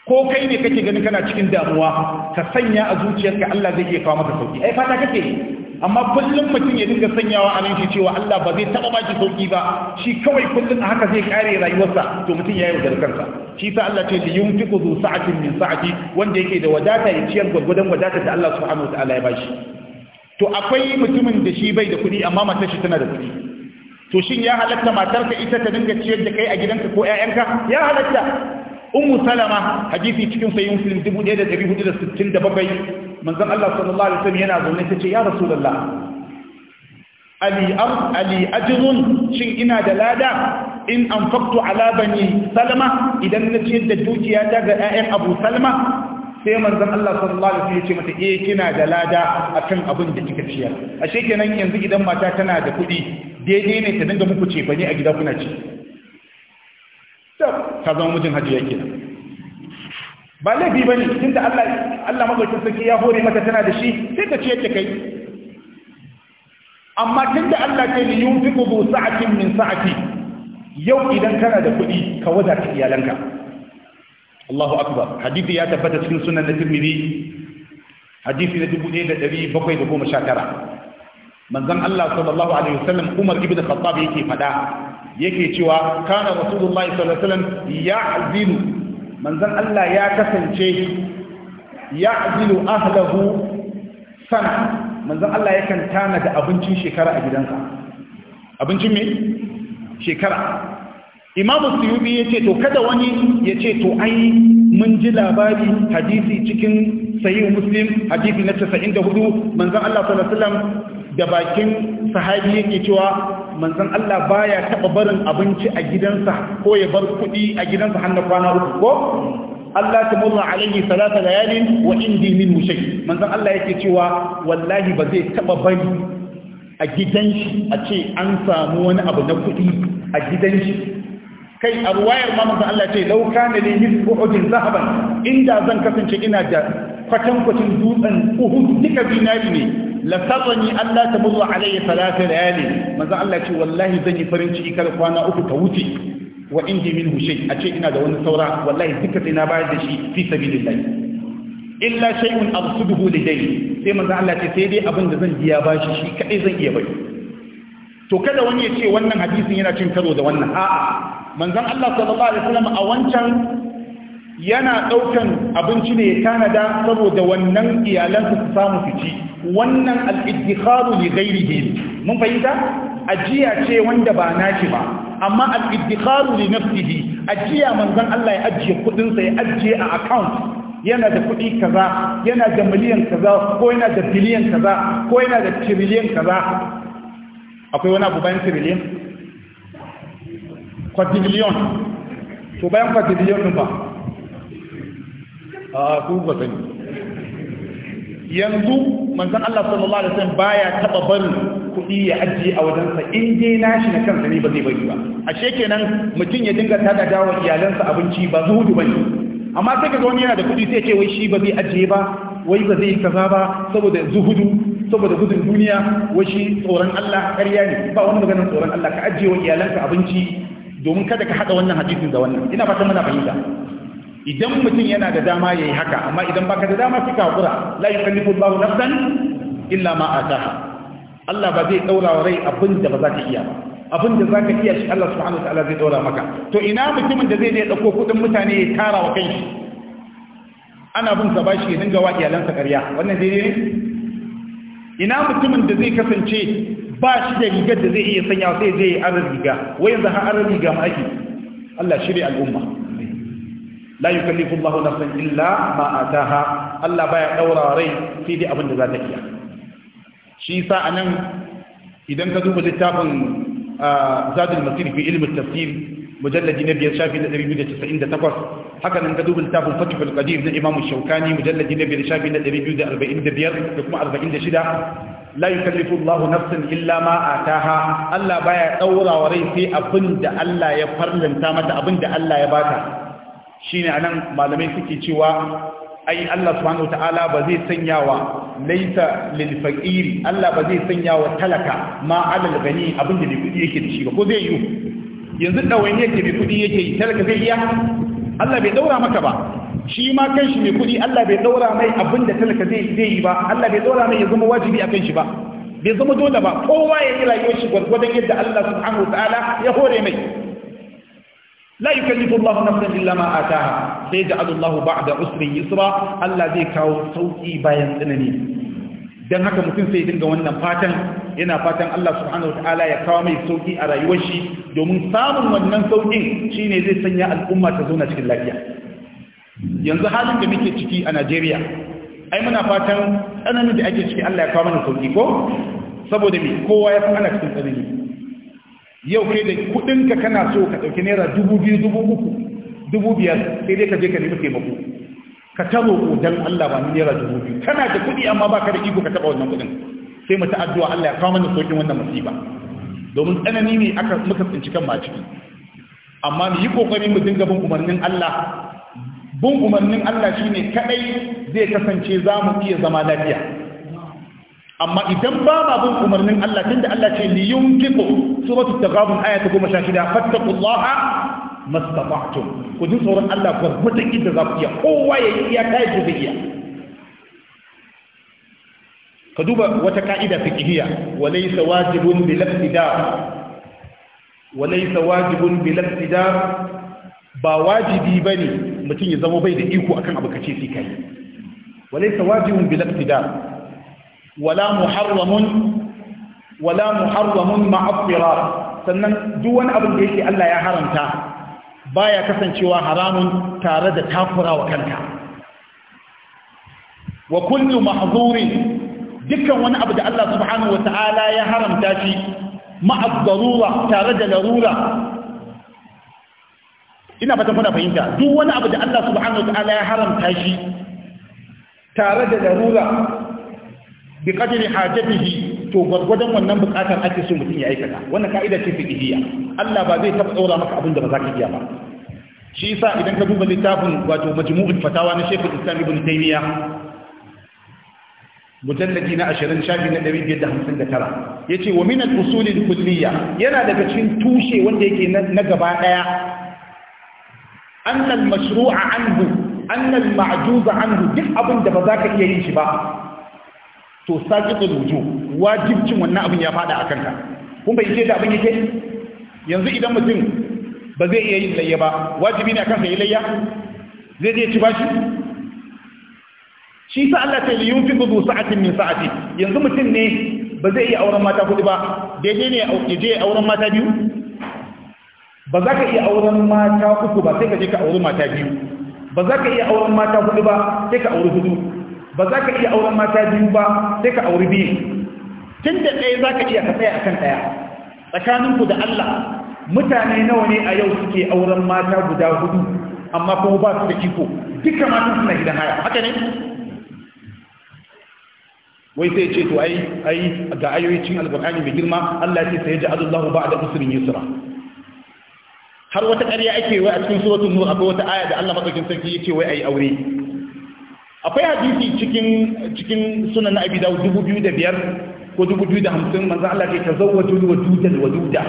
ko kai ne kake ganin kana cikin damuwa ka sanya a zuciyarka Allah zai iya kawo maka sauƙi ai fata kake amma kullum mutum ya dinga sanyawa a nan shi cewa Allah ba zai taɓa baki sauki ba shi kawai kullum a haka zai kare rayuwarsa to mutum ya yi wajen kansa shi sa Allah ce li yunfiqu zu sa'atin min sa'ati wanda yake da wadata ya ciyar gwargwadon wadata da Allah subhanahu ta'ala ya bashi to akwai mutumin da shi bai da kuɗi amma matar shi tana da kuɗi to shin ya halatta matarka ita ta dinga ciyar da kai a gidanka ko ƴaƴanka ya halatta ummu salama hadisi cikin sayyid muslim 1467 manzon Allah sallallahu alaihi wasallam yana zaune tace ya rasulullah ali am ali ajrun shin ina da lada in anfaqtu ala bani salma idan na ciyar da dukiya ta ga ƴaƴan abu salma sai manzon Allah sallallahu alaihi wasallam ya ce mata eh kina da lada akan abin da kika ciyar ashe kenan yanzu idan mata tana da kuɗi daidai ne ta dinga muku ce bane a gida kuna ci ta zama mijin hajiya kenan ba laifi ba ne tun da Allah madaukakin sarki ya hore mata tana da shi sai ta ciyar da kai amma tun da Allah ke ni yunfiqu bu sa'atin min sa'ati yau idan kana da kuɗi ka wadata iyalanka Allahu akbar hadisi ya tabbata cikin sunan na Tirmidhi hadisi na 1719 manzon Allah sallallahu alaihi wasallam Umar ibn Khattab yake fada yake cewa kana rasulullahi sallallahu alaihi wasallam ya'zilu Manzan Allah ya kasance ya ya'zilu ahlahu san Manzan Allah yakan tana da abincin shekara a gidansa abincin me shekara imamu suyubi ya ce to kada wani ya ce to ai mun ji labari hadisi cikin sayi muslim hadisi na 94 manzon Allah sallallahu alaihi wasallam da bakin sahabi yake cewa manzon Allah baya taba barin abinci a gidansa ko ya bar kuɗi a gidansa har na kwana uku ko Allah ta murna alaihi salata layalin wa indi min mushay manzon Allah yake cewa wallahi ba zai taba bari a gidan shi a ce an samu wani abu na kuɗi a gidan shi kai a ruwayar ma manzon Allah ce lau kana li hisbu udin zahaban inda zan kasance ina da kwatankwacin dutsen uhud duka binari ne lasarrani Allah ta murwa alayya salatu layali manzo Allah ce wallahi zan yi farin ciki kar kwana uku ta wuce wa indi min a ce ina da wani saura wallahi duka sai na bayar da shi fi sabilillah illa shay'un absuduhu lidai sai manzo Allah ce sai dai abin da zan biya bashi shi kadai zan iya bai to kada wani ya ce wannan hadisin yana cin karo da wannan a'a manzon Allah sallallahu alaihi wasallam a wancan yana ɗaukan abinci ne ya tanada saboda wannan iyalansu su samu fici wannan al'idikharu ne gairi ne. mun fahimta ajiya ce wanda ba nashi ba amma al'idikharu ne na nafsihi ajiya manzan Allah ya ajiye kudinsa ya ajiye a account yana da kudi kaza yana da miliyan kaza ko yana da biliyan kaza ko yana da tiriliyan kaza akwai wani abu bayan tiriliyan? kwadiliyon to bayan kwadiliyon ba a ku ba sani yanzu manzon Allah sallallahu alaihi wasallam baya taba barin kuɗi ya ajiye a wajensa in dai nashi na kansa ne ba zai bari ba ashe kenan mutum ya dinga tada dawo iyalansa abinci ba zuhudu ne. amma sai kaga wani yana da kuɗi sai ce wai shi ba zai ajiye ba wai ba zai kaza ba saboda zuhudu saboda gudun duniya shi tsoron Allah ƙarya ne ba wani maganin tsoron Allah ka ajiye wa iyalanka abinci domin kada ka haɗa wannan hadisin da wannan ina fatan muna fahimta idan mutum yana da dama ya yi haka amma idan baka da dama kika hakura la yukallifu Allahu nafsan illa ma a ataha Allah ba zai daura wa rai abin da ba za ka iya ba abin da za ka iya shi Allah subhanahu Ta'ala zai daura maka to ina mutumin da zai ne dauko kuɗin mutane ya tara wa kanshi ana bin sa bashi ya dinga wa iyalansa ƙarya wannan daidai ne ina mutumin da zai kasance ba shi da rigar da zai iya sanya sai zai yi arar riga wai yanzu har arar riga ma ake Allah shirya al'umma la yukallifu Allahu nafsan illa ma ataha Allah baya daura rai sai dai abin da za ta iya shi yasa anan idan ka duba littafin zadul masir fi ilmi tafsir mujalladi na biyar shafi na 298 haka nan ka duba littafin fatihul qadir na imamu shaukani mujalladi na biyar shafi na 245 da kuma 46 la yukallifu Allah nafsan illa ma ataha Allah baya daura rai sai abinda Allah ya farlanta mata abinda Allah ya bata shine anan malamai suke cewa ai Allah subhanahu wataala ba zai sanya wa laita lil faqiri Allah ba zai sanya wa talaka ma alal gani abin da bai kudi yake da shi ba ko zai yi yanzu dawain yake bai kudi yake talaka zai iya Allah bai daura maka ba shi ma kan shi mai kudi Allah bai daura mai abin da talaka zai zai yi ba Allah bai daura mai ya zama wajibi akan shi ba bai zama dole ba kowa ya yi rayuwar shi gwargwadon yadda Allah subhanahu wataala ya hore mai la yukallifu Allahu nafsan illa ma ataha sai da Allahu ba'da usrin yusra Allah zai kawo sauƙi bayan tsanani dan haka mutum sai dinga wannan fatan yana fatan Allah subhanahu wataala ya kawo mai sauki a rayuwar shi domin samun wannan saukin shine zai sanya al'umma ta zauna cikin lafiya yanzu halin da muke ciki a Najeriya ai muna fatan tsananin da ake ciki Allah ya kawo mana sauki ko saboda me kowa ya san ana cikin tsanani yau kai da kudinka kana so ka dauki naira dubu biyu dubu uku dubu biyar sai dai ka je ka nemi taimako ka taro roƙo dan Allah ba naira dubu biyu kana da kudi amma baka da iko ka taba wannan kudin sai mu ta a Allah ya kawo mana sokin wannan musiba domin tsanani ne aka muka tsinci kan ma ciki amma mu yi kokari mu dinga bin umarnin Allah bin umarnin Allah shine kadai zai kasance za mu iya zama lafiya amma idan ba ma bin umarnin Allah tun da Allah ce li yunfiqu suratu taghabun aya ta goma sha 16 fattaqullaha mastata'tum ku ji tsoron Allah ku mutu inda za ku iya kowa ya iya kai ku zai iya ka duba wata ka'ida fiqhiyya wa laysa wajibun bil ibtida wa laysa wajibun bil ibtida ba wajibi bane mutum ya zama bai da iko akan abu kace sai kai wa laysa wajibun bil ibtida wala muharramun wala muharramun ma'afirar sannan duk wani abin da yake Allah ya haramta baya kasancewa haramun tare da takura wa kanka wa kullu mahzuri dukkan wani abu da Allah subhanahu wata'ala ya haramta shi ma'a darura tare da larura ina fatan kuna fahimta duk wani abu da Allah subhanahu wata'ala ya haramta shi tare da larura bi qadri hajatihi to gwargwadon wannan bukatar ake so mutum ya aikata wannan ka'ida ce fiqhiyya Allah ba zai taba tsora maka abin da ba za ka iya ba shi yasa idan ka duba littafin wato majmu'ul fatawa na Sheikh Islam Ibn Taymiyyah mujalladi na 20 shafi na 559 yace wa min al-usul al-kulliyya yana daga cikin tushe wanda yake na gaba daya annal mashru'a anhu annal ma'juza anhu duk abin da ba za ka iya yin shi ba to saƙiƙa dojo wajibcin wannan abin ya fada a kanka kun bai ce da abin yake yanzu idan mutum ba zai iya yin layya ba wajibi ne a kansa yi layya zai zai ci bashi shi sa Allah ta yi yunfi gudu sa'atin min sa'ati yanzu mutum ne ba zai iya auren mata kudi ba daidai ne ya je auren mata biyu ba za ka iya auren mata uku ba sai ka je ka auri mata biyu ba za ka iya auren mata kudi ba sai ka auri hudu ba za ka iya auren mata biyu ba sai ka auri biyu tun da ɗaya za ka iya ka tsaya kan ɗaya tsakaninku da Allah mutane nawa ne a yau suke auren mata guda hudu amma kuma ba su da iko duka matan suna gidan haya haka ne wai sai ce to ai ai ga ayoyicin alqur'ani mai girma Allah ya ce sai ja'al Allahu ba'da usrin yusra har wata ƙarya ake wai a cikin suratul nur akwai wata aya da Allah madaukakin sarki yake wai ai aure akwai hadisi cikin cikin sunan abi dawud dubu biyu da biyar ko dubu biyu da hamsin manzo Allah ke tazawwaju wa dudan wa duda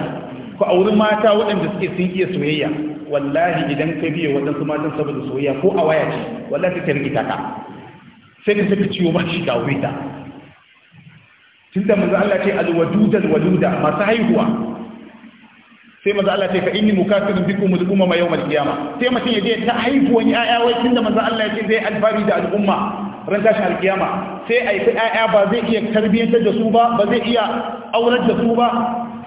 ko auri mata waɗanda suke sun iya soyayya wallahi idan ka biye waɗansu matan saboda soyayya ko a waya ce wallahi ka rigita ka sai ka saka ciwo ba shi ga wita tunda manzo Allah ce wa duda, masu haihuwa sai manzo Allah ya ce fa inni mukafirun bikum al-umma yawm al-qiyama sai mutum ya je ta haihuwan yaya wai tunda manzo Allah ya ce zai alfari da al'umma ran tashi al sai ai fi yaya ba zai iya tarbiyyantar da su ba ba zai iya aurar da su ba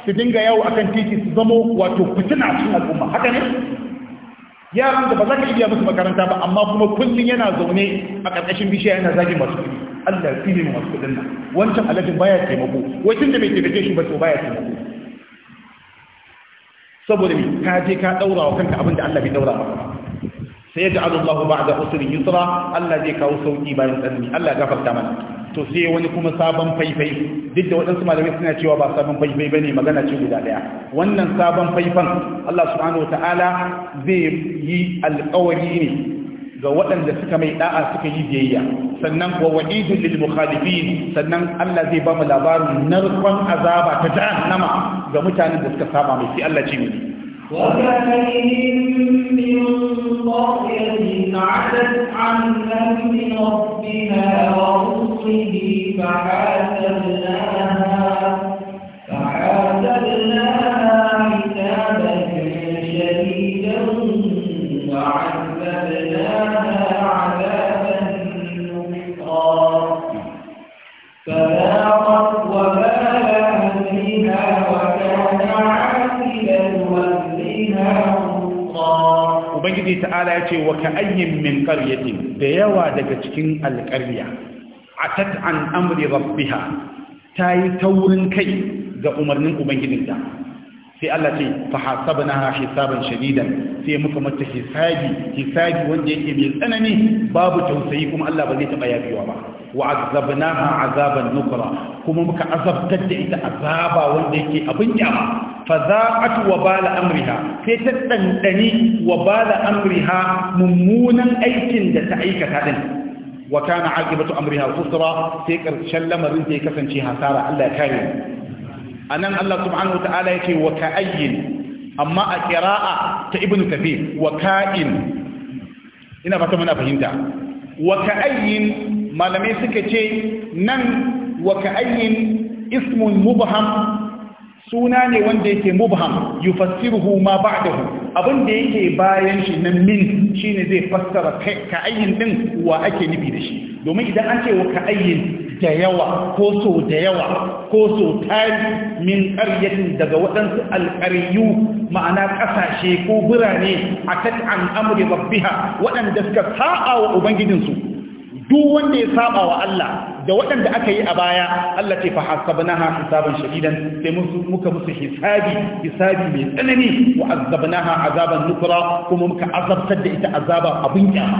su dinga yawo akan titi su zamo wato fitina a cikin al'umma haka ne yaran da ba za ka iya musu makaranta ba amma kuma kullum yana zaune a ƙarƙashin bishiya yana zagin masu kuɗi Allah ya fi ne masu kuɗin nan wancan alajin baya taimako wai tunda bai taimake shi ba to baya taimako saboda me ka je ka daura wa kanka abin da Allah bai daura maka sai ya ja'alu Allahu ba'da usri yusra Allah zai kawo sauki bayan tsanani Allah gafarta mana to sai wani kuma sabon faifai duk da waɗansu malamai suna cewa ba sabon faifai bane magana ce guda daya wannan sabon faifan Allah subhanahu wataala zai yi alƙawari ne ga waɗanda suka mai da'a suka yi biyayya sannan wa wa'idun lil mukhalifin sannan Allah zai ba mu labarin narkon azaba ta jahannama ga mutanen da suka saba mai sai Allah ce mu فحاسبناها حسابا شديدا وعذابا ubangiji ta'ala ya ce wa ka'ayyin min qaryatin da yawa daga cikin alƙarya atat an amri rabbiha tayi taurin kai ga umarnin ubangijinta sai Allah ce fahasabnaha hisaban shadidan sai muka mata hisabi hisabi wanda yake mai tsanani babu tausayi kuma Allah ba zai taba biyo ba wa azabnaha azaban nukra kuma muka azabtar da ita azaba wanda yake abin kyama faza'at wa bala amriha sai ta dandani wa bala amriha mummunan aikin da ta aikata din wa kana aqibatu amriha khusra sai karshen lamarin ya kasance hasara Allah ya kare anan Allah subhanahu wa ta'ala yake wa ka'ayyin amma a qira'a ta ibnu kathir wa ka'in ina fata muna fahimta wa ka'ayyin malamai suka ce nan wa ka'ayyin ismun mubham suna ne wanda yake mubham yufassiruhu ma ba'dahu abin da yake bayan shi nan min shine zai fassara ka'ayyin din wa ake nufi da shi domin idan an ce wa ka'ayyin da yawa ko so da yawa ko so tari min ƙaryatin daga waɗansu alƙaryu ma'ana ƙasashe ko birane a kat amurin amri waɗanda suka sa'a wa ubangijinsu duk wanda ya saɓa wa Allah da waɗanda aka yi a baya Allah ce fa hasabnaha hisaban shadidan sai muka musu hisabi hisabi mai tsanani wa azabnaha azaban nukura, kuma muka azabtar da ita azaba abin kyama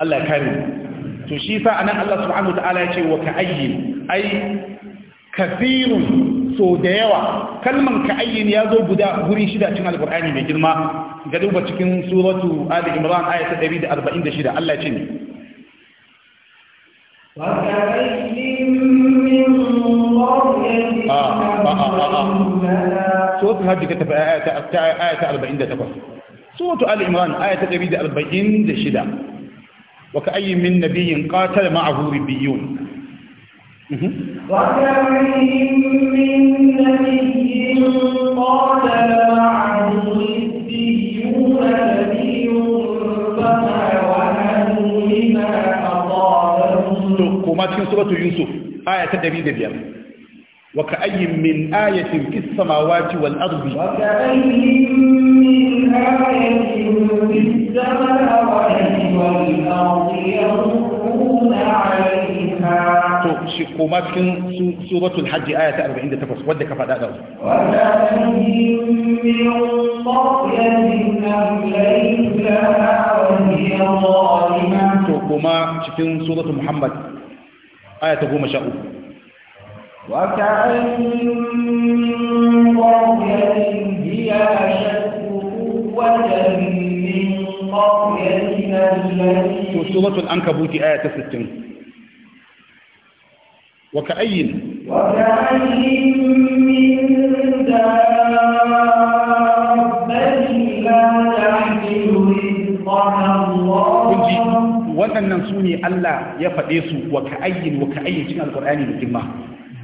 Allah ya kare to shi sa anan Allah subhanahu wataala ya ce wa ka'ayyin ai kathirun so da yawa kalman ka'ayyin ya zo guda guri shida cikin alqur'ani mai girma ga duba cikin suratu ali imran aya ta 146 Allah ya ce ne ka سورة الهجر كتب آية 48 سورة آل عمران آية 146 وكأي من نبي قاتل معه ربيون وكأي من نبي قاتل معه ربيون نبي فما وهنوا لما أطالهم كما في سورة يوسف آية 105 وكأي من آية في السماوات والأرض وكأي من آية في السماوات والأرض يرقون عليها قمت في سورة الحج آية 48 ودك فداء دولة وكأي من الله يذنب ليس وهي ظالمة قمت في سورة محمد آية 10 وكأين من قرية هي أشد قوة من التي سورة الأنكبوت آية 60 وكأين وكأين من دابة لا تحمل رزقها الله waɗannan su ne Allah ya faɗe su wa ka'ayyin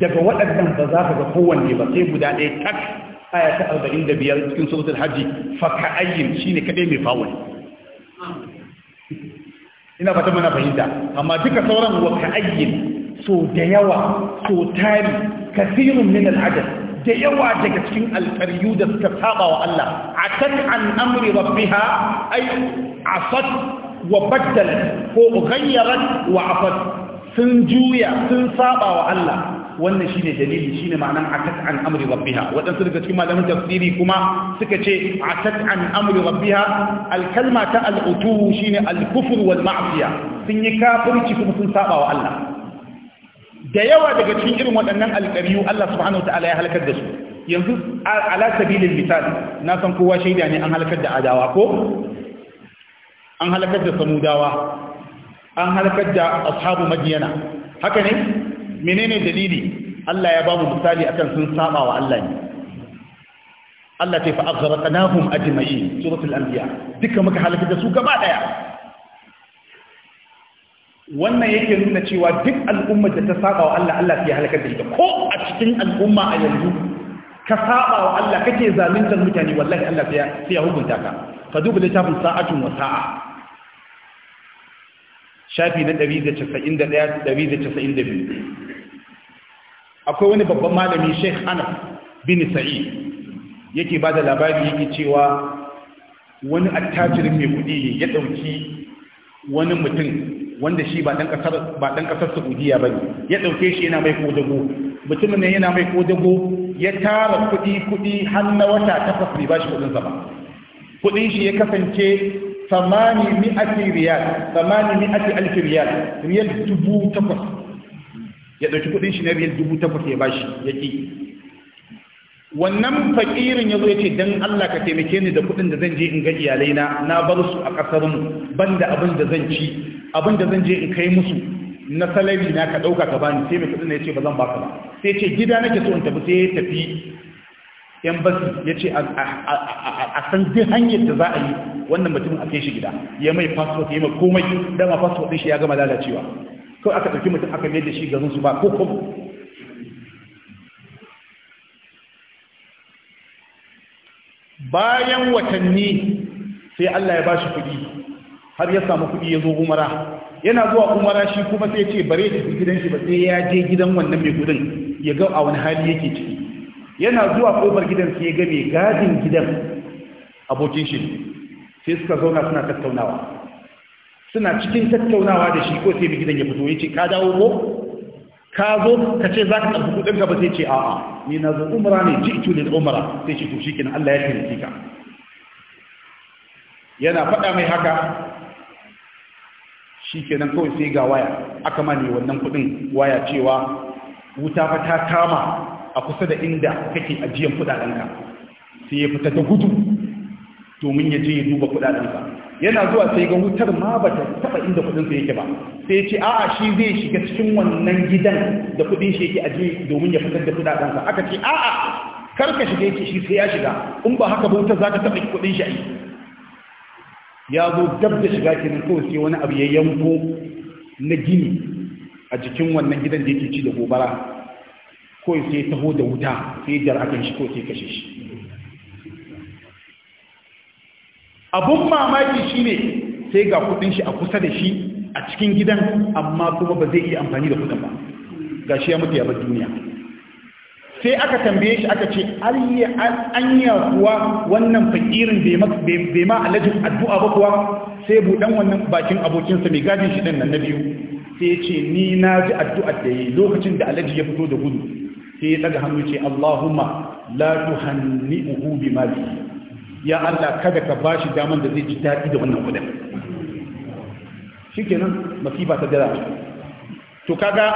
daga waɗannan ba za ka ga kowanne ba sai guda ɗaya tak aya ta arba'in da biyar cikin sautar hajji faka ayyin shi ne kaɗai mai fawon ina fata mana fahimta amma duka sauran wa ka ayyin so da yawa so tari kasirun min al'adar da yawa daga cikin alƙaryu da suka saba wa Allah akan an amri rabbiha ay asat wa baddal ko ghayyarat wa afat sun juya sun saba wa Allah wannan shine dalili shine ma'anan atat an amri rabbiha waɗansu daga cikin malamin tafsiri kuma suka ce atat an amri rabbiha alkalma ta al'utu shine al-kufr wal ma'siya sun yi kafirci kuma sun saba wa Allah da yawa daga cikin irin waɗannan alƙariyu Allah subhanahu wataala ya halakar da su yanzu ala sabilin misal na san kowa shaida ne an halakar da adawa ko an halakar da samudawa an halakar da ashabu madiyana haka ne menene dalili Allah ya ba misali akan sun saba wa Allah ne Allah ta fa aghraqnahum ajma'in suratul anbiya duka muka halaka da su gaba daya wannan yake nuna cewa duk al'ummar da ta saba wa Allah Allah ya halaka da ita ko a cikin al'umma a yanzu ka saba wa Allah kake zaluntar mutane wallahi Allah sai ya hukunta ka ka duba littafin sa'atun wa sa'a shafi na 191 192 akwai wani babban malami sheikh anas bin sa'id yake ba da labari yake cewa wani attajirin mai kudi ya ɗauki wani mutum wanda shi ba ɗan kasar saudiya ba ne ya ɗauke shi yana mai kodago mutumin nan yana mai kodago ya tara kudi kudi har na wata takwas bai ba shi kudin zama kudin shi ya kasance samani mi'ati riyal samani mi'ati alfi riyal riyal dubu takwas ya ɗauki kuɗin shi na biyar dubu takwas ya bashi ya ƙi wannan fakirin ya zo ya ce don Allah ka taimake ni da kuɗin da zan je in ga iyalai na na bar su a ƙasar mu banda abin da zan ci abin da zan je in kai musu na salari na ka ɗauka ka bani sai mai kuɗin ya ce ba zan baka ba sai ce gida nake so in tafi sai ya tafi yan basu ya ce a san duk hanyar da za a yi wannan mutumin a kai shi gida ya mai fasfot ya mai komai dama fasfot ɗin shi ya gama lalacewa kawai aka ɗauki mutum aka mai da shi garin su ba ko kuma bayan watanni sai Allah ya ba shi kuɗi har ya samu kuɗi ya zo umara yana zuwa umara shi kuma sai ce bare ta gidan shi ba sai ya je gidan wannan mai kuɗin ya ga a wani hali yake ciki yana zuwa kofar gidan sai ya ga mai gadin gidan abokin shi sai suka zauna suna tattaunawa suna cikin tattaunawa da shi ko sai gidan ya fito ya ce ka dawo ko ka zo ka ce za ka ɗauki kuɗinka ba sai ce a'a ni na zo umara ne ji itu da umara sai ce to shi kenan Allah ya taimake ka yana faɗa mai haka shi kenan kawai sai ga waya aka mani wannan kuɗin waya cewa wuta fa ta kama a kusa da inda kake ajiyan ka sai ya fita da gudu domin ya je ya duba kuɗaɗensa yana zuwa sai ga wutar ma ba ta taba inda kudin sa yake ba sai ce a'a shi zai shiga cikin wannan gidan da kudin shi yake aje domin ya fitar da kudaden sa aka ce a'a kar ka shiga yake shi sai ya shiga in ba haka ba wutar za ta taba kudin shi a yi? ya zo dab da shiga kenan kawai sai wani abu ya yanko na gini a cikin wannan gidan da yake ci da gobara kawai sai taho da wuta sai jar akan shi ko sai kashe shi abun mamaki shi ne sai ga kudin shi a kusa da shi a cikin gidan amma kuma ba zai iya amfani da kudin ba ga shi ya mutu ya bar duniya sai aka tambaye shi aka ce anya kuwa wannan fakirin bai ma alajin addu'a ba kuwa sai buɗan wannan bakin abokinsa mai gadin shi ɗan nan na biyu sai ce ni na ji addu'a da ya lokacin da alaji ya fito da gudu sai ya hannu ce allahumma la tuhanni uhu bi mali ya Allah kada ka ba shi daman da zai ji daɗi da wannan kudin shi kenan masifa ta dara to kaga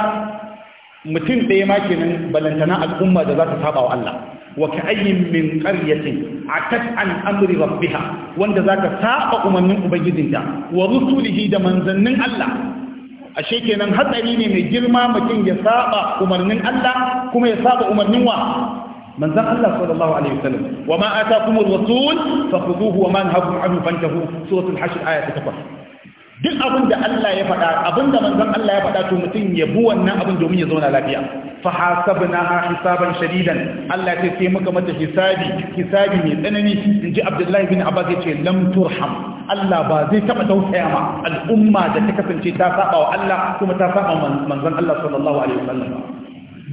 mutum ɗaya ma kenan balantana al'umma da za ta saba wa Allah wa ka ayyin min a atat an amri rabbiha wanda za ta saba umarnin ubangijinta wa rusulihi da manzannin Allah ashe kenan hatsari ne mai girma mutum ya saba umarnin Allah kuma ya saba umarnin wa manzan Allah sallallahu alaihi wasallam wa ma atakumur rasul fakhuduhu wa man hakum anhu fantahu suratul hashr aya ta 8 duk abin da Allah ya faɗa abin da manzon Allah ya faɗa to mutum ya bi wannan abin domin ya zauna lafiya fa hasabnaha hisaban shadidan Allah ya sai muka mata hisabi hisabi mai tsanani inji Abdullahi bin Abbas ce lam turham Allah ba zai taɓa tausaya ma al'umma da ta kasance ta saba wa Allah kuma ta saba manzon Allah sallallahu alaihi wasallam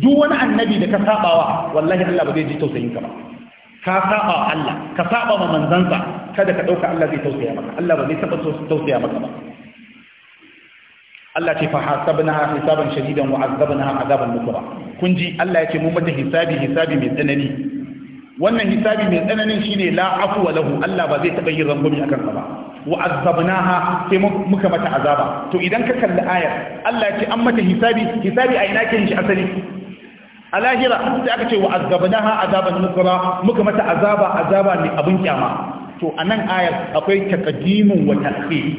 duk wani annabi da ka wa wallahi Allah ba zai ji tausayin ka ba ka saba wa Allah ka saba wa manzansa kada ka dauka Allah zai tausaya maka Allah ba zai taba tausaya maka ba Allah ce fa hasabnaha hisaban shadidan wa azabnaha azaban nukra kun ji Allah yake mu mata hisabi hisabi mai tsanani wannan hisabi mai tsananin shine la afwa lahu Allah ba zai taba yin rangwami akan ka ba wa azabnaha sai muka mata azaba to idan ka kalli ayar Allah ya ce an mata hisabi hisabi a ina kin shi asali a lahira sai aka ce wa azabnaha azaban nukra muka mata azaba azaba ne abin kyama to a nan ayar akwai takadimin wa ta'khir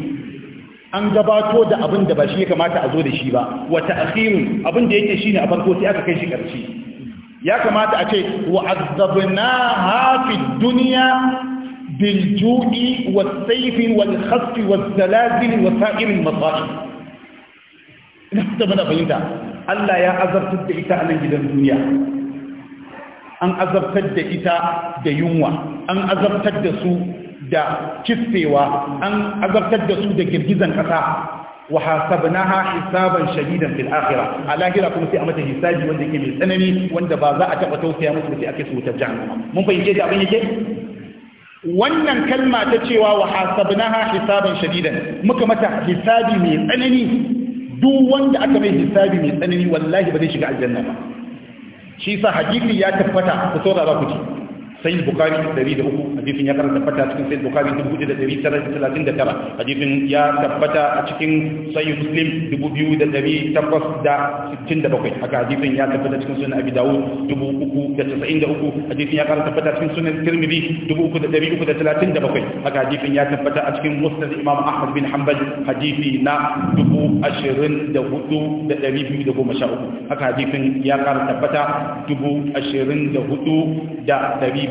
an gabato da abin da ba shi ya kamata a zo da shi ba wa ta'khir abin da yake ne a farko sai aka kai shi karshe ya kamata a ce wa azabnaha fi dunya wa والسيف والخصف والزلازل وسائر المصائب نحن na fahimta. Allah ya azabtar da ita a nan gidan duniya an azabtar da ita da yunwa an azabtar da su da kifewa an azabtar da su da girgizan kasa wa hasabnaha hisaban shadidan fil akhirah a lahira kuma sai a mata hisabi wanda yake mai tsanani wanda ba za a taba tausaya musu sai ake su wutar jahannama mun fahimce da abin yake wannan kalma ta cewa wa hasabnaha hisaban shadidan muka mata hisabi mai tsanani duk wanda aka mai hisabi mai tsanani wallahi ba zai shiga aljanna ba shi sa hakiki ya tabbata ku saurara ku ci sai bukari uku, hadisin ya karanta tabbata cikin sai bukari tara, hadisin ya tabbata a cikin sai muslim 2867 haka hadisin ya tabbata cikin sunan abi dawud 393 hadisin ya karanta tabbata cikin sunan tirmidhi 3337 haka hadisin ya tabbata a cikin musnad imam ahmad bin hanbal hadisi na 24213 haka hadisin ya karanta tabbata 24213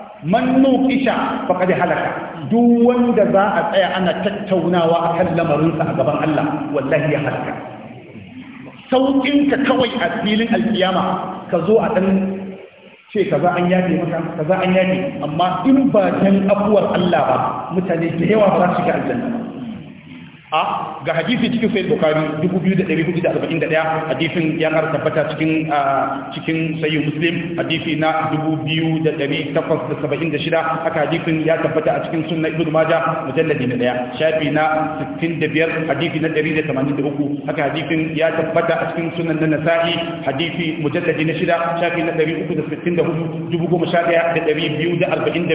man nuqisha faqad halaka duk wanda za a tsaya ana tattaunawa akan lamarinsa a gaban Allah wallahi ya halaka Sauƙin ka kawai a filin alkiyama ka zo a ɗan ce kaza an maka an yaje amma in ba dan abuwar Allah ba mutane da yawa ba za su shiga aljanna a ga hadisi cikin sayil bukari 2441 hadisin ya kara tabbata cikin cikin sayil muslim hadisi na 2876 haka hadisin ya tabbata a cikin sunna ibn maja mujalladi na daya shafi na 65 hadisi na 183 haka hadisin ya tabbata a cikin sunan na nasa'i hadisi mujalladi na shida shafi na 364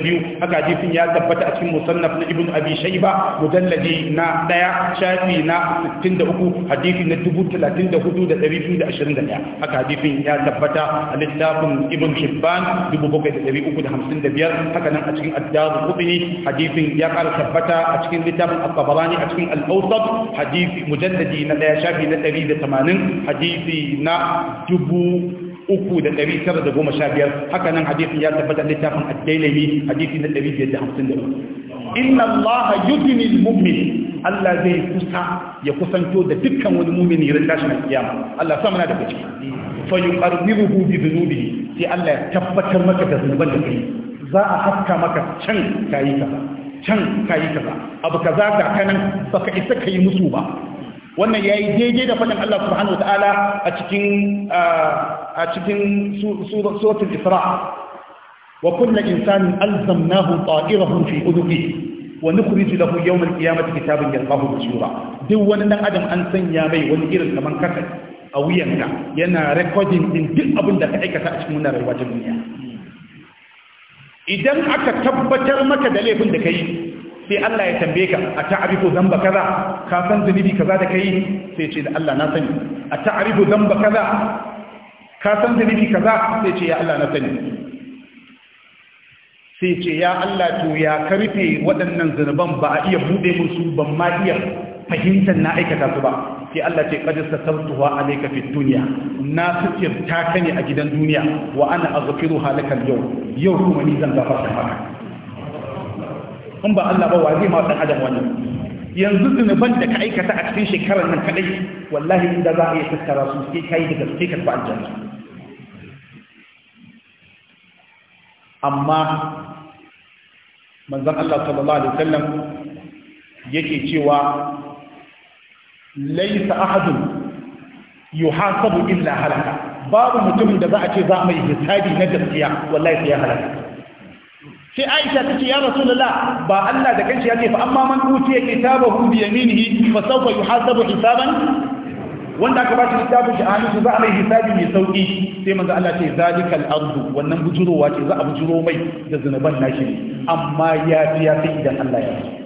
biyu, haka hadisin ya tabbata a cikin musannaf na ibnu abi shayba mujalladi na daya shafi na 63 hadisi na 34221 haka hadisin ya tabbata a littafin ibn shibban 7355 haka nan a cikin addaru kubini hadisin ya ƙara tabbata a cikin littafin al a cikin al-awsat hadisi mujalladi na daya shafi na 180 hadisi na dubu uku da ɗari tara da goma sha biyar haka nan hadisin ya tabbata littafin addailami hadisi na ɗari biyar da hamsin da uku inna allaha yudnil mu'min Allah zai kusa ya kusanto da dukkan wani mumini ran tashin kiyama Allah sa muna da ciki fa yuqarribuhu bi dhunubihi sai Allah ya tabbatar maka da zunuban da kai za a haska maka can kayi kaza can kayi kaza abu kaza ka kanan baka isa kai musu ba wannan yayi daidai da fadin Allah subhanahu wataala a cikin a cikin suratul isra وكل إنسان ألزمناه طائره في أذنه ونخرج له يوم القيامة كتابا يلقاه منشورا دو وانا أدم أن سنيا مي ونقر كمان كسر أو ينكا ينا ريكوردين من دل أبن دك أيكا تأشمونا رواج الدنيا إذن أكا تبتر مكا دليفن دكي sai Allah ya tambaye ka a ta'arifu zamba kaza ka san zunubi kaza da kai sai ce da Allah na sani a ta'arifu zamba kaza ka san zunubi kaza sai ce ya Allah na sani sai ce ya Allah to ya karfe waɗannan zunuban ba a iya buɗe musu ban ma iya fahimtar na aikata su ba sai Allah ce qadista sabtuha alayka fi dunya na suke taka ne a gidan duniya wa ana aghfiru halakal yau yau kuma ni zan gafar da maka in ba Allah ba wa zai ma dan adam wannan yanzu zunuban da ka aikata a cikin shekarar nan kadai wallahi inda za a iya tattara su sai kai da gaske ka ba aljanna amma manzon Allah sallallahu alaihi wasallam yake cewa laysa ahadun yuhasabu illa halaka babu mutumin da za a ce za mai hisabi na gaskiya wallahi sai ya halaka sai Aisha ta ce ya Rasulullah ba Allah da kanshi ya ce fa amma man utiya kitabahu bi yaminihi fa sawfa yuhasabu hisaban wanda aka bashi littafin shi a hannun za a mai hisabi mai sauki sai manzo Allah ce zalikal ardu wannan bujurowa ce za a bujuro mai da zinaban nashi amma ya fi ya fi idan Allah ya fi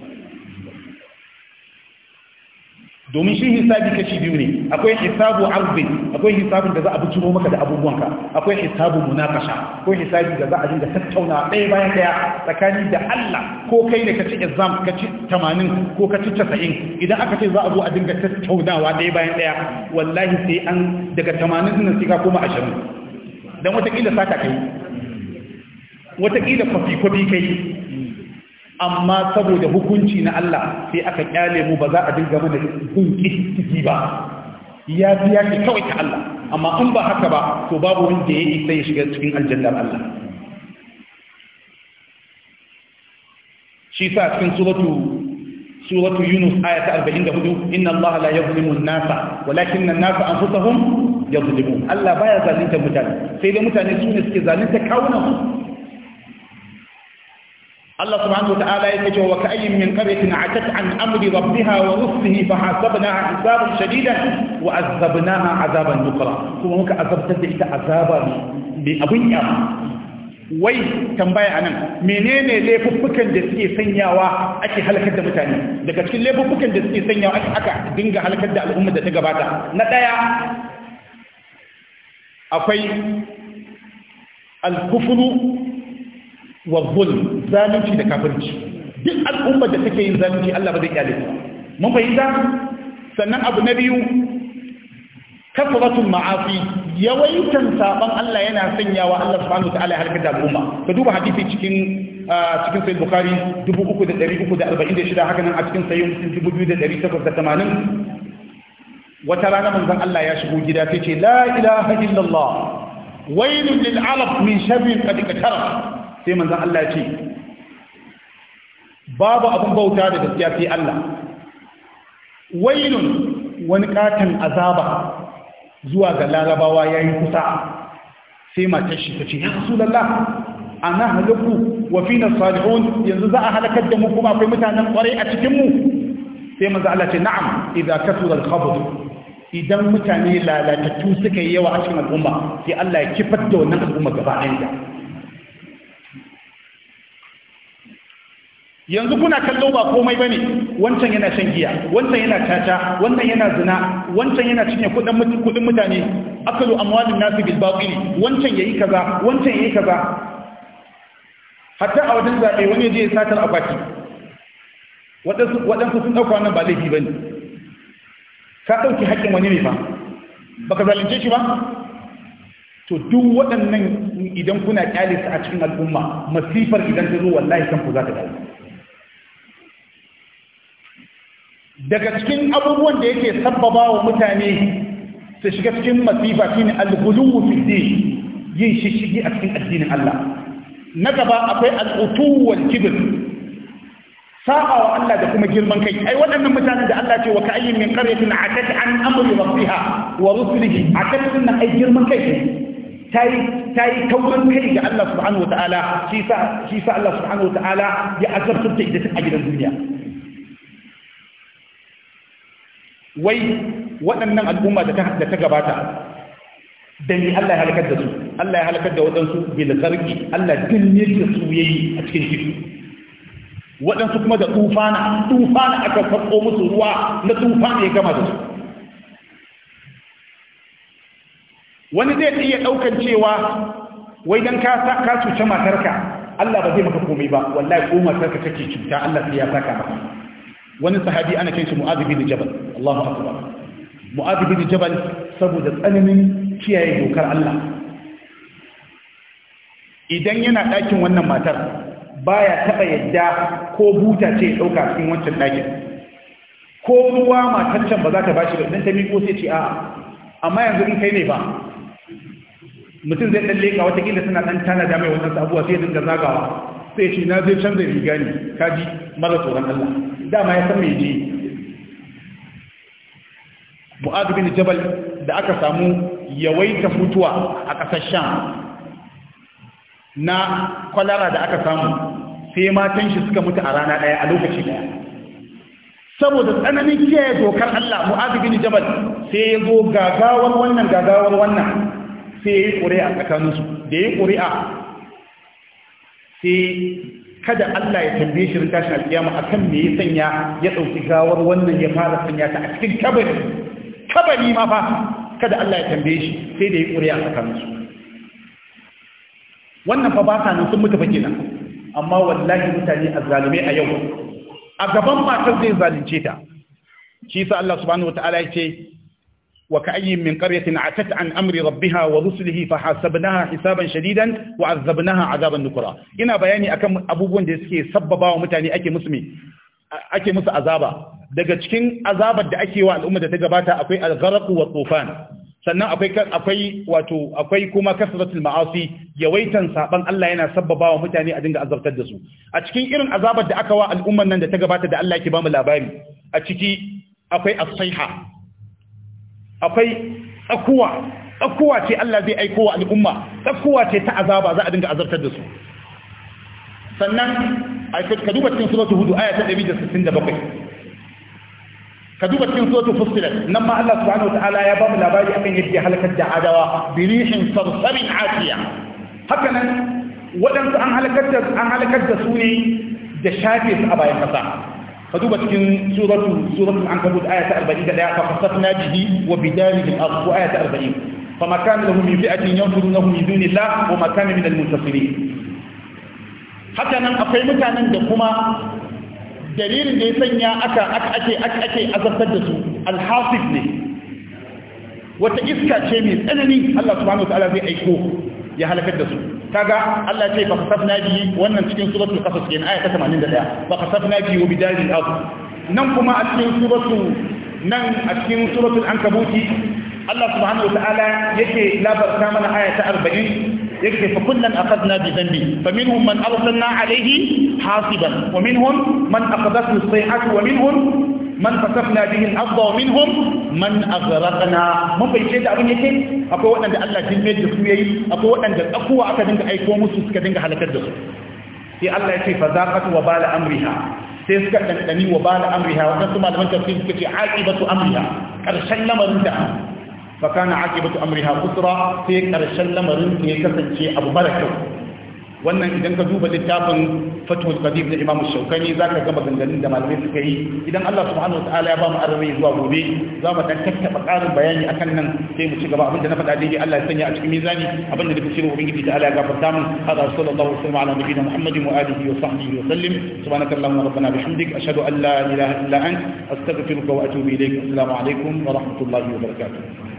domin shi hisabi kashi biyu ne akwai hisabu arzin akwai hisabin da za a bujiro maka da abubuwanka akwai hisabu munakasha akwai hisabi da za a dinga tattauna ɗaya bayan ɗaya tsakani da Allah ko kai ne kaci exam kaci 80 ko kaci 90 idan aka ce za a zo a dinga tattaunawa ɗaya bayan ɗaya wallahi sai an daga 80 din sai ka koma 20 dan wata kila sata kai wata kila kwafi kwafi kai amma saboda hukunci na Allah sai aka kyale mu ba za a dinga mana gunki ciki ba ya biya ki kawai ta Allah amma in ba haka ba to babu wanda ya isa ya shiga cikin aljannar Allah shi sa cikin suratu suratu Yunus ayata 44 inna Allah la yuzlimu an-nasa walakinna an-nasa anfusahum yuzlimun Allah baya zalunta mutane sai dai mutane su ne suke zalunta kawunan الله سبحانه وتعالى يقول وكأي من قرية عتت عن أمر ربها ورسله فحاسبناها حسابا شديدا Kuma muka azabtar da ita عذبت إلى abun بأبن wai tambaya anan menene laifuffukan da suke sanyawa ake halakar da mutane daga cikin laifuffukan da suke sanyawa aka dinga halakar da al'umma da ta gabata na daya akwai alkufuru wa bul zalunci da kafirci duk al'ummar da take yin zalunci Allah ba zai kyale ta mun fahimta sannan abu na biyu kasratul ma'afi yawaitan saban Allah yana sanyawa Allah subhanahu wa ta'ala ya halaka al'umma ka duba hadisi cikin cikin sahih bukhari 3346 haka nan a cikin sahih muslim 2880 wata rana manzon Allah ya shigo gida sai ce la ilaha illallah wailul lil arab min sharri qad katara sai manzan Allah ce babu abin bauta da gaskiya sai Allah wailun wani katon azaba zuwa ga larabawa ya yi kusa sai matar shi ta ce ya rasulallah ana halaku wafi na salihun yanzu za a halakar da mu kuma akwai mutanen kwarai a cikinmu sai manzan Allah ce na'am idan al idan mutane lalatattu suka yi yawa a cikin al'umma sai Allah ya kifar da wannan al'umma gaba ɗaya yanzu kuna kallo ba komai bane wancan yana shan giya wancan yana tata wannan yana zina wancan yana cinye kudin kudin mutane akalu amwalin nasu bil baqili wancan yayi kaza wancan yayi kaza hatta a wajen zabe wani je ya satar akwati wadansu wadansu sun dauka nan ba laifi bane ka dauki haƙƙin wani ne fa baka zalunce shi ba to duk waɗannan idan kuna kyalisa a cikin al'umma masifar idan ta zo wallahi kan ku za ta dawo daga cikin abubuwan da yake sabbaba wa mutane su shiga cikin masifa shine al-ghuluw fi yin shishigi a cikin addinin Allah na gaba akwai al kibir, sa'a wa Allah da kuma girman kai ai waɗannan mutanen da Allah ce wa ka'ayyin min qaryatin atat an amri rabbiha wa rusulihi atat sunna ai girman kai tayi tayi taurin kai ga Allah subhanahu wa ta'ala shi sa shi sa Allah subhanahu wa ta'ala ya azabta ita a gidan duniya wai waɗannan al'umma da ta gabata da ni Allah ya halakar da su Allah ya halakar da waɗansu bil zarki Allah dinne da su ya yi a cikin kifi waɗansu kuma da tufana tufana aka farko musu ruwa na tufana ya gama da su wani zai iya ɗaukan cewa wai don ka ka cuce matarka Allah ba zai maka komai ba wallahi ko matarka take cuta Allah sai ya saka maka wani sahabi ana kai shi mu'adhi bin jabal Allahu akbar mu'adhi bin jabal saboda tsananin kiyaye dokar Allah idan yana ɗakin wannan matar baya taba yadda ko buta ce ya ɗauka cikin wancan ɗakin ko ruwa matar can ba za ta bashi ba idan ta miƙo sai ce a'a amma yanzu in kai ne ba mutum zai ɗan leƙa watakila suna ɗan tana da mai wannan abuwa sai dinga zagawa sai ce na zai canza riga ne ka ji mara tsoron Allah dama ya san mai je mu'adu bin jabal da aka samu yawaita mutuwa a ƙasar sham na kwalara da aka samu sai matan shi suka mutu a rana ɗaya a lokaci ɗaya saboda tsananin kiyaye dokar Allah mu'adu bin jabal sai ya zo gagawar wannan gagawar wannan sai ya yi ƙuri'a tsakaninsu da ya yi ƙuri'a sai kada Allah ya tambaye shi rin tashin alkiyama akan me ya sanya ya ɗauki gawar wannan ya fara sanya ta a cikin kabari kabari ma fa kada Allah ya tambaye shi sai da ya ƙuri'a tsakaninsu wannan fa ba sa nan sun mutu fa kenan amma wallahi mutane zalume a yau a gaban matar zai zalunce ta shi sa Allah subhanahu wataala ya ce وكأي من قرية عتت عن أمر ربها ورسله فحاسبناها حسابا شديدا وعذبناها عذابا نكرا ina bayani akan abubuwan da suke sabbaba wa mutane ake musu ake musu azaba daga cikin azabar da ake wa al'umma da ta gabata akwai al wa tufan sannan akwai akwai wato akwai kuma kasratul ma'asi yawaitan saban Allah yana sababawa mutane a dinga azabtar da su a cikin irin azabar da aka wa al'umman nan da ta gabata da Allah ke ba mu labari a ciki akwai as-sayha akwai tsakuwa tsakuwa ce Allah zai aiko wa al'umma tsakuwa ce ta azaba za a dinga azabtar da su sannan ka duba cikin suratul hudu aya ta 167 ka duba cikin suratul fussilat nan ma Allah subhanahu wataala ya ba mu labari akan yadda halakar da adawa bi rihin sarsarin atiya haka nan waɗansu an halakar da su ne da shafe su a bayan kasa فدوبة كن سورة سورة العنكبوت آية 40 فخسفنا به وبداره الأرض وآية 40 فما كان له من فئة ينصرونه من دون الله وما كان من المنتصرين حتى نن أقيم كان دكما دليل da ya sanya aka ake ake azabtar da su alhasib ne wata iska ce mai tsanani Allah subhanahu wa ta'ala zai aiko ya halakar da su kaga Allah ce fa kasafna bi wannan cikin suratul qasas kenan aya ta 81 fa kasafna bi wa bidalil ard nan kuma a cikin suratu nan a cikin suratul ankabuti Allah subhanahu wa ta'ala yake labarta mana aya ta 40 yake fa kullan aqadna bi dhanbi faminhum man arsalna alayhi hasiban wa minhum man aqadathu as-sayhatu wa minhum man fasafna bihi al-ardh wa minhum man aghraqna mun bai ce da abin yake akwai waɗanda Allah din mai da su yayi akwai waɗanda tsakuwa aka dinga aiko musu suka dinga halakar da su sai Allah ya ce fa zaqat wa bala amriha sai suka dandani wa bala amriha wadansu malaman tafsir suka ce aqibatu amriha karshen lamarin da fa kana aqibatu amriha kusra sai karshen lamarin da kasance abu mara kyau wannan idan ka duba littafin fatul qadir da imamu shaukani za ka ga maganganun da malamai suka yi idan allah subhanahu wa ta'ala ya ba mu arrai zuwa gobe za mu dan tattaba ƙarin bayani akan nan sai mu ci gaba abinda na faɗa daidai allah ya sanya a cikin mizani abinda da bishir ubangiji ta'ala ya gafarta mun hada sallallahu alaihi wa sallam ala nabiyina muhammadin wa alihi wa sahbihi wa sallim subhanaka allahumma rabbana bihamdik ashhadu an la ilaha illa ant astaghfiruka wa atubu ilaik assalamu alaikum wa rahmatullahi wa barakatuh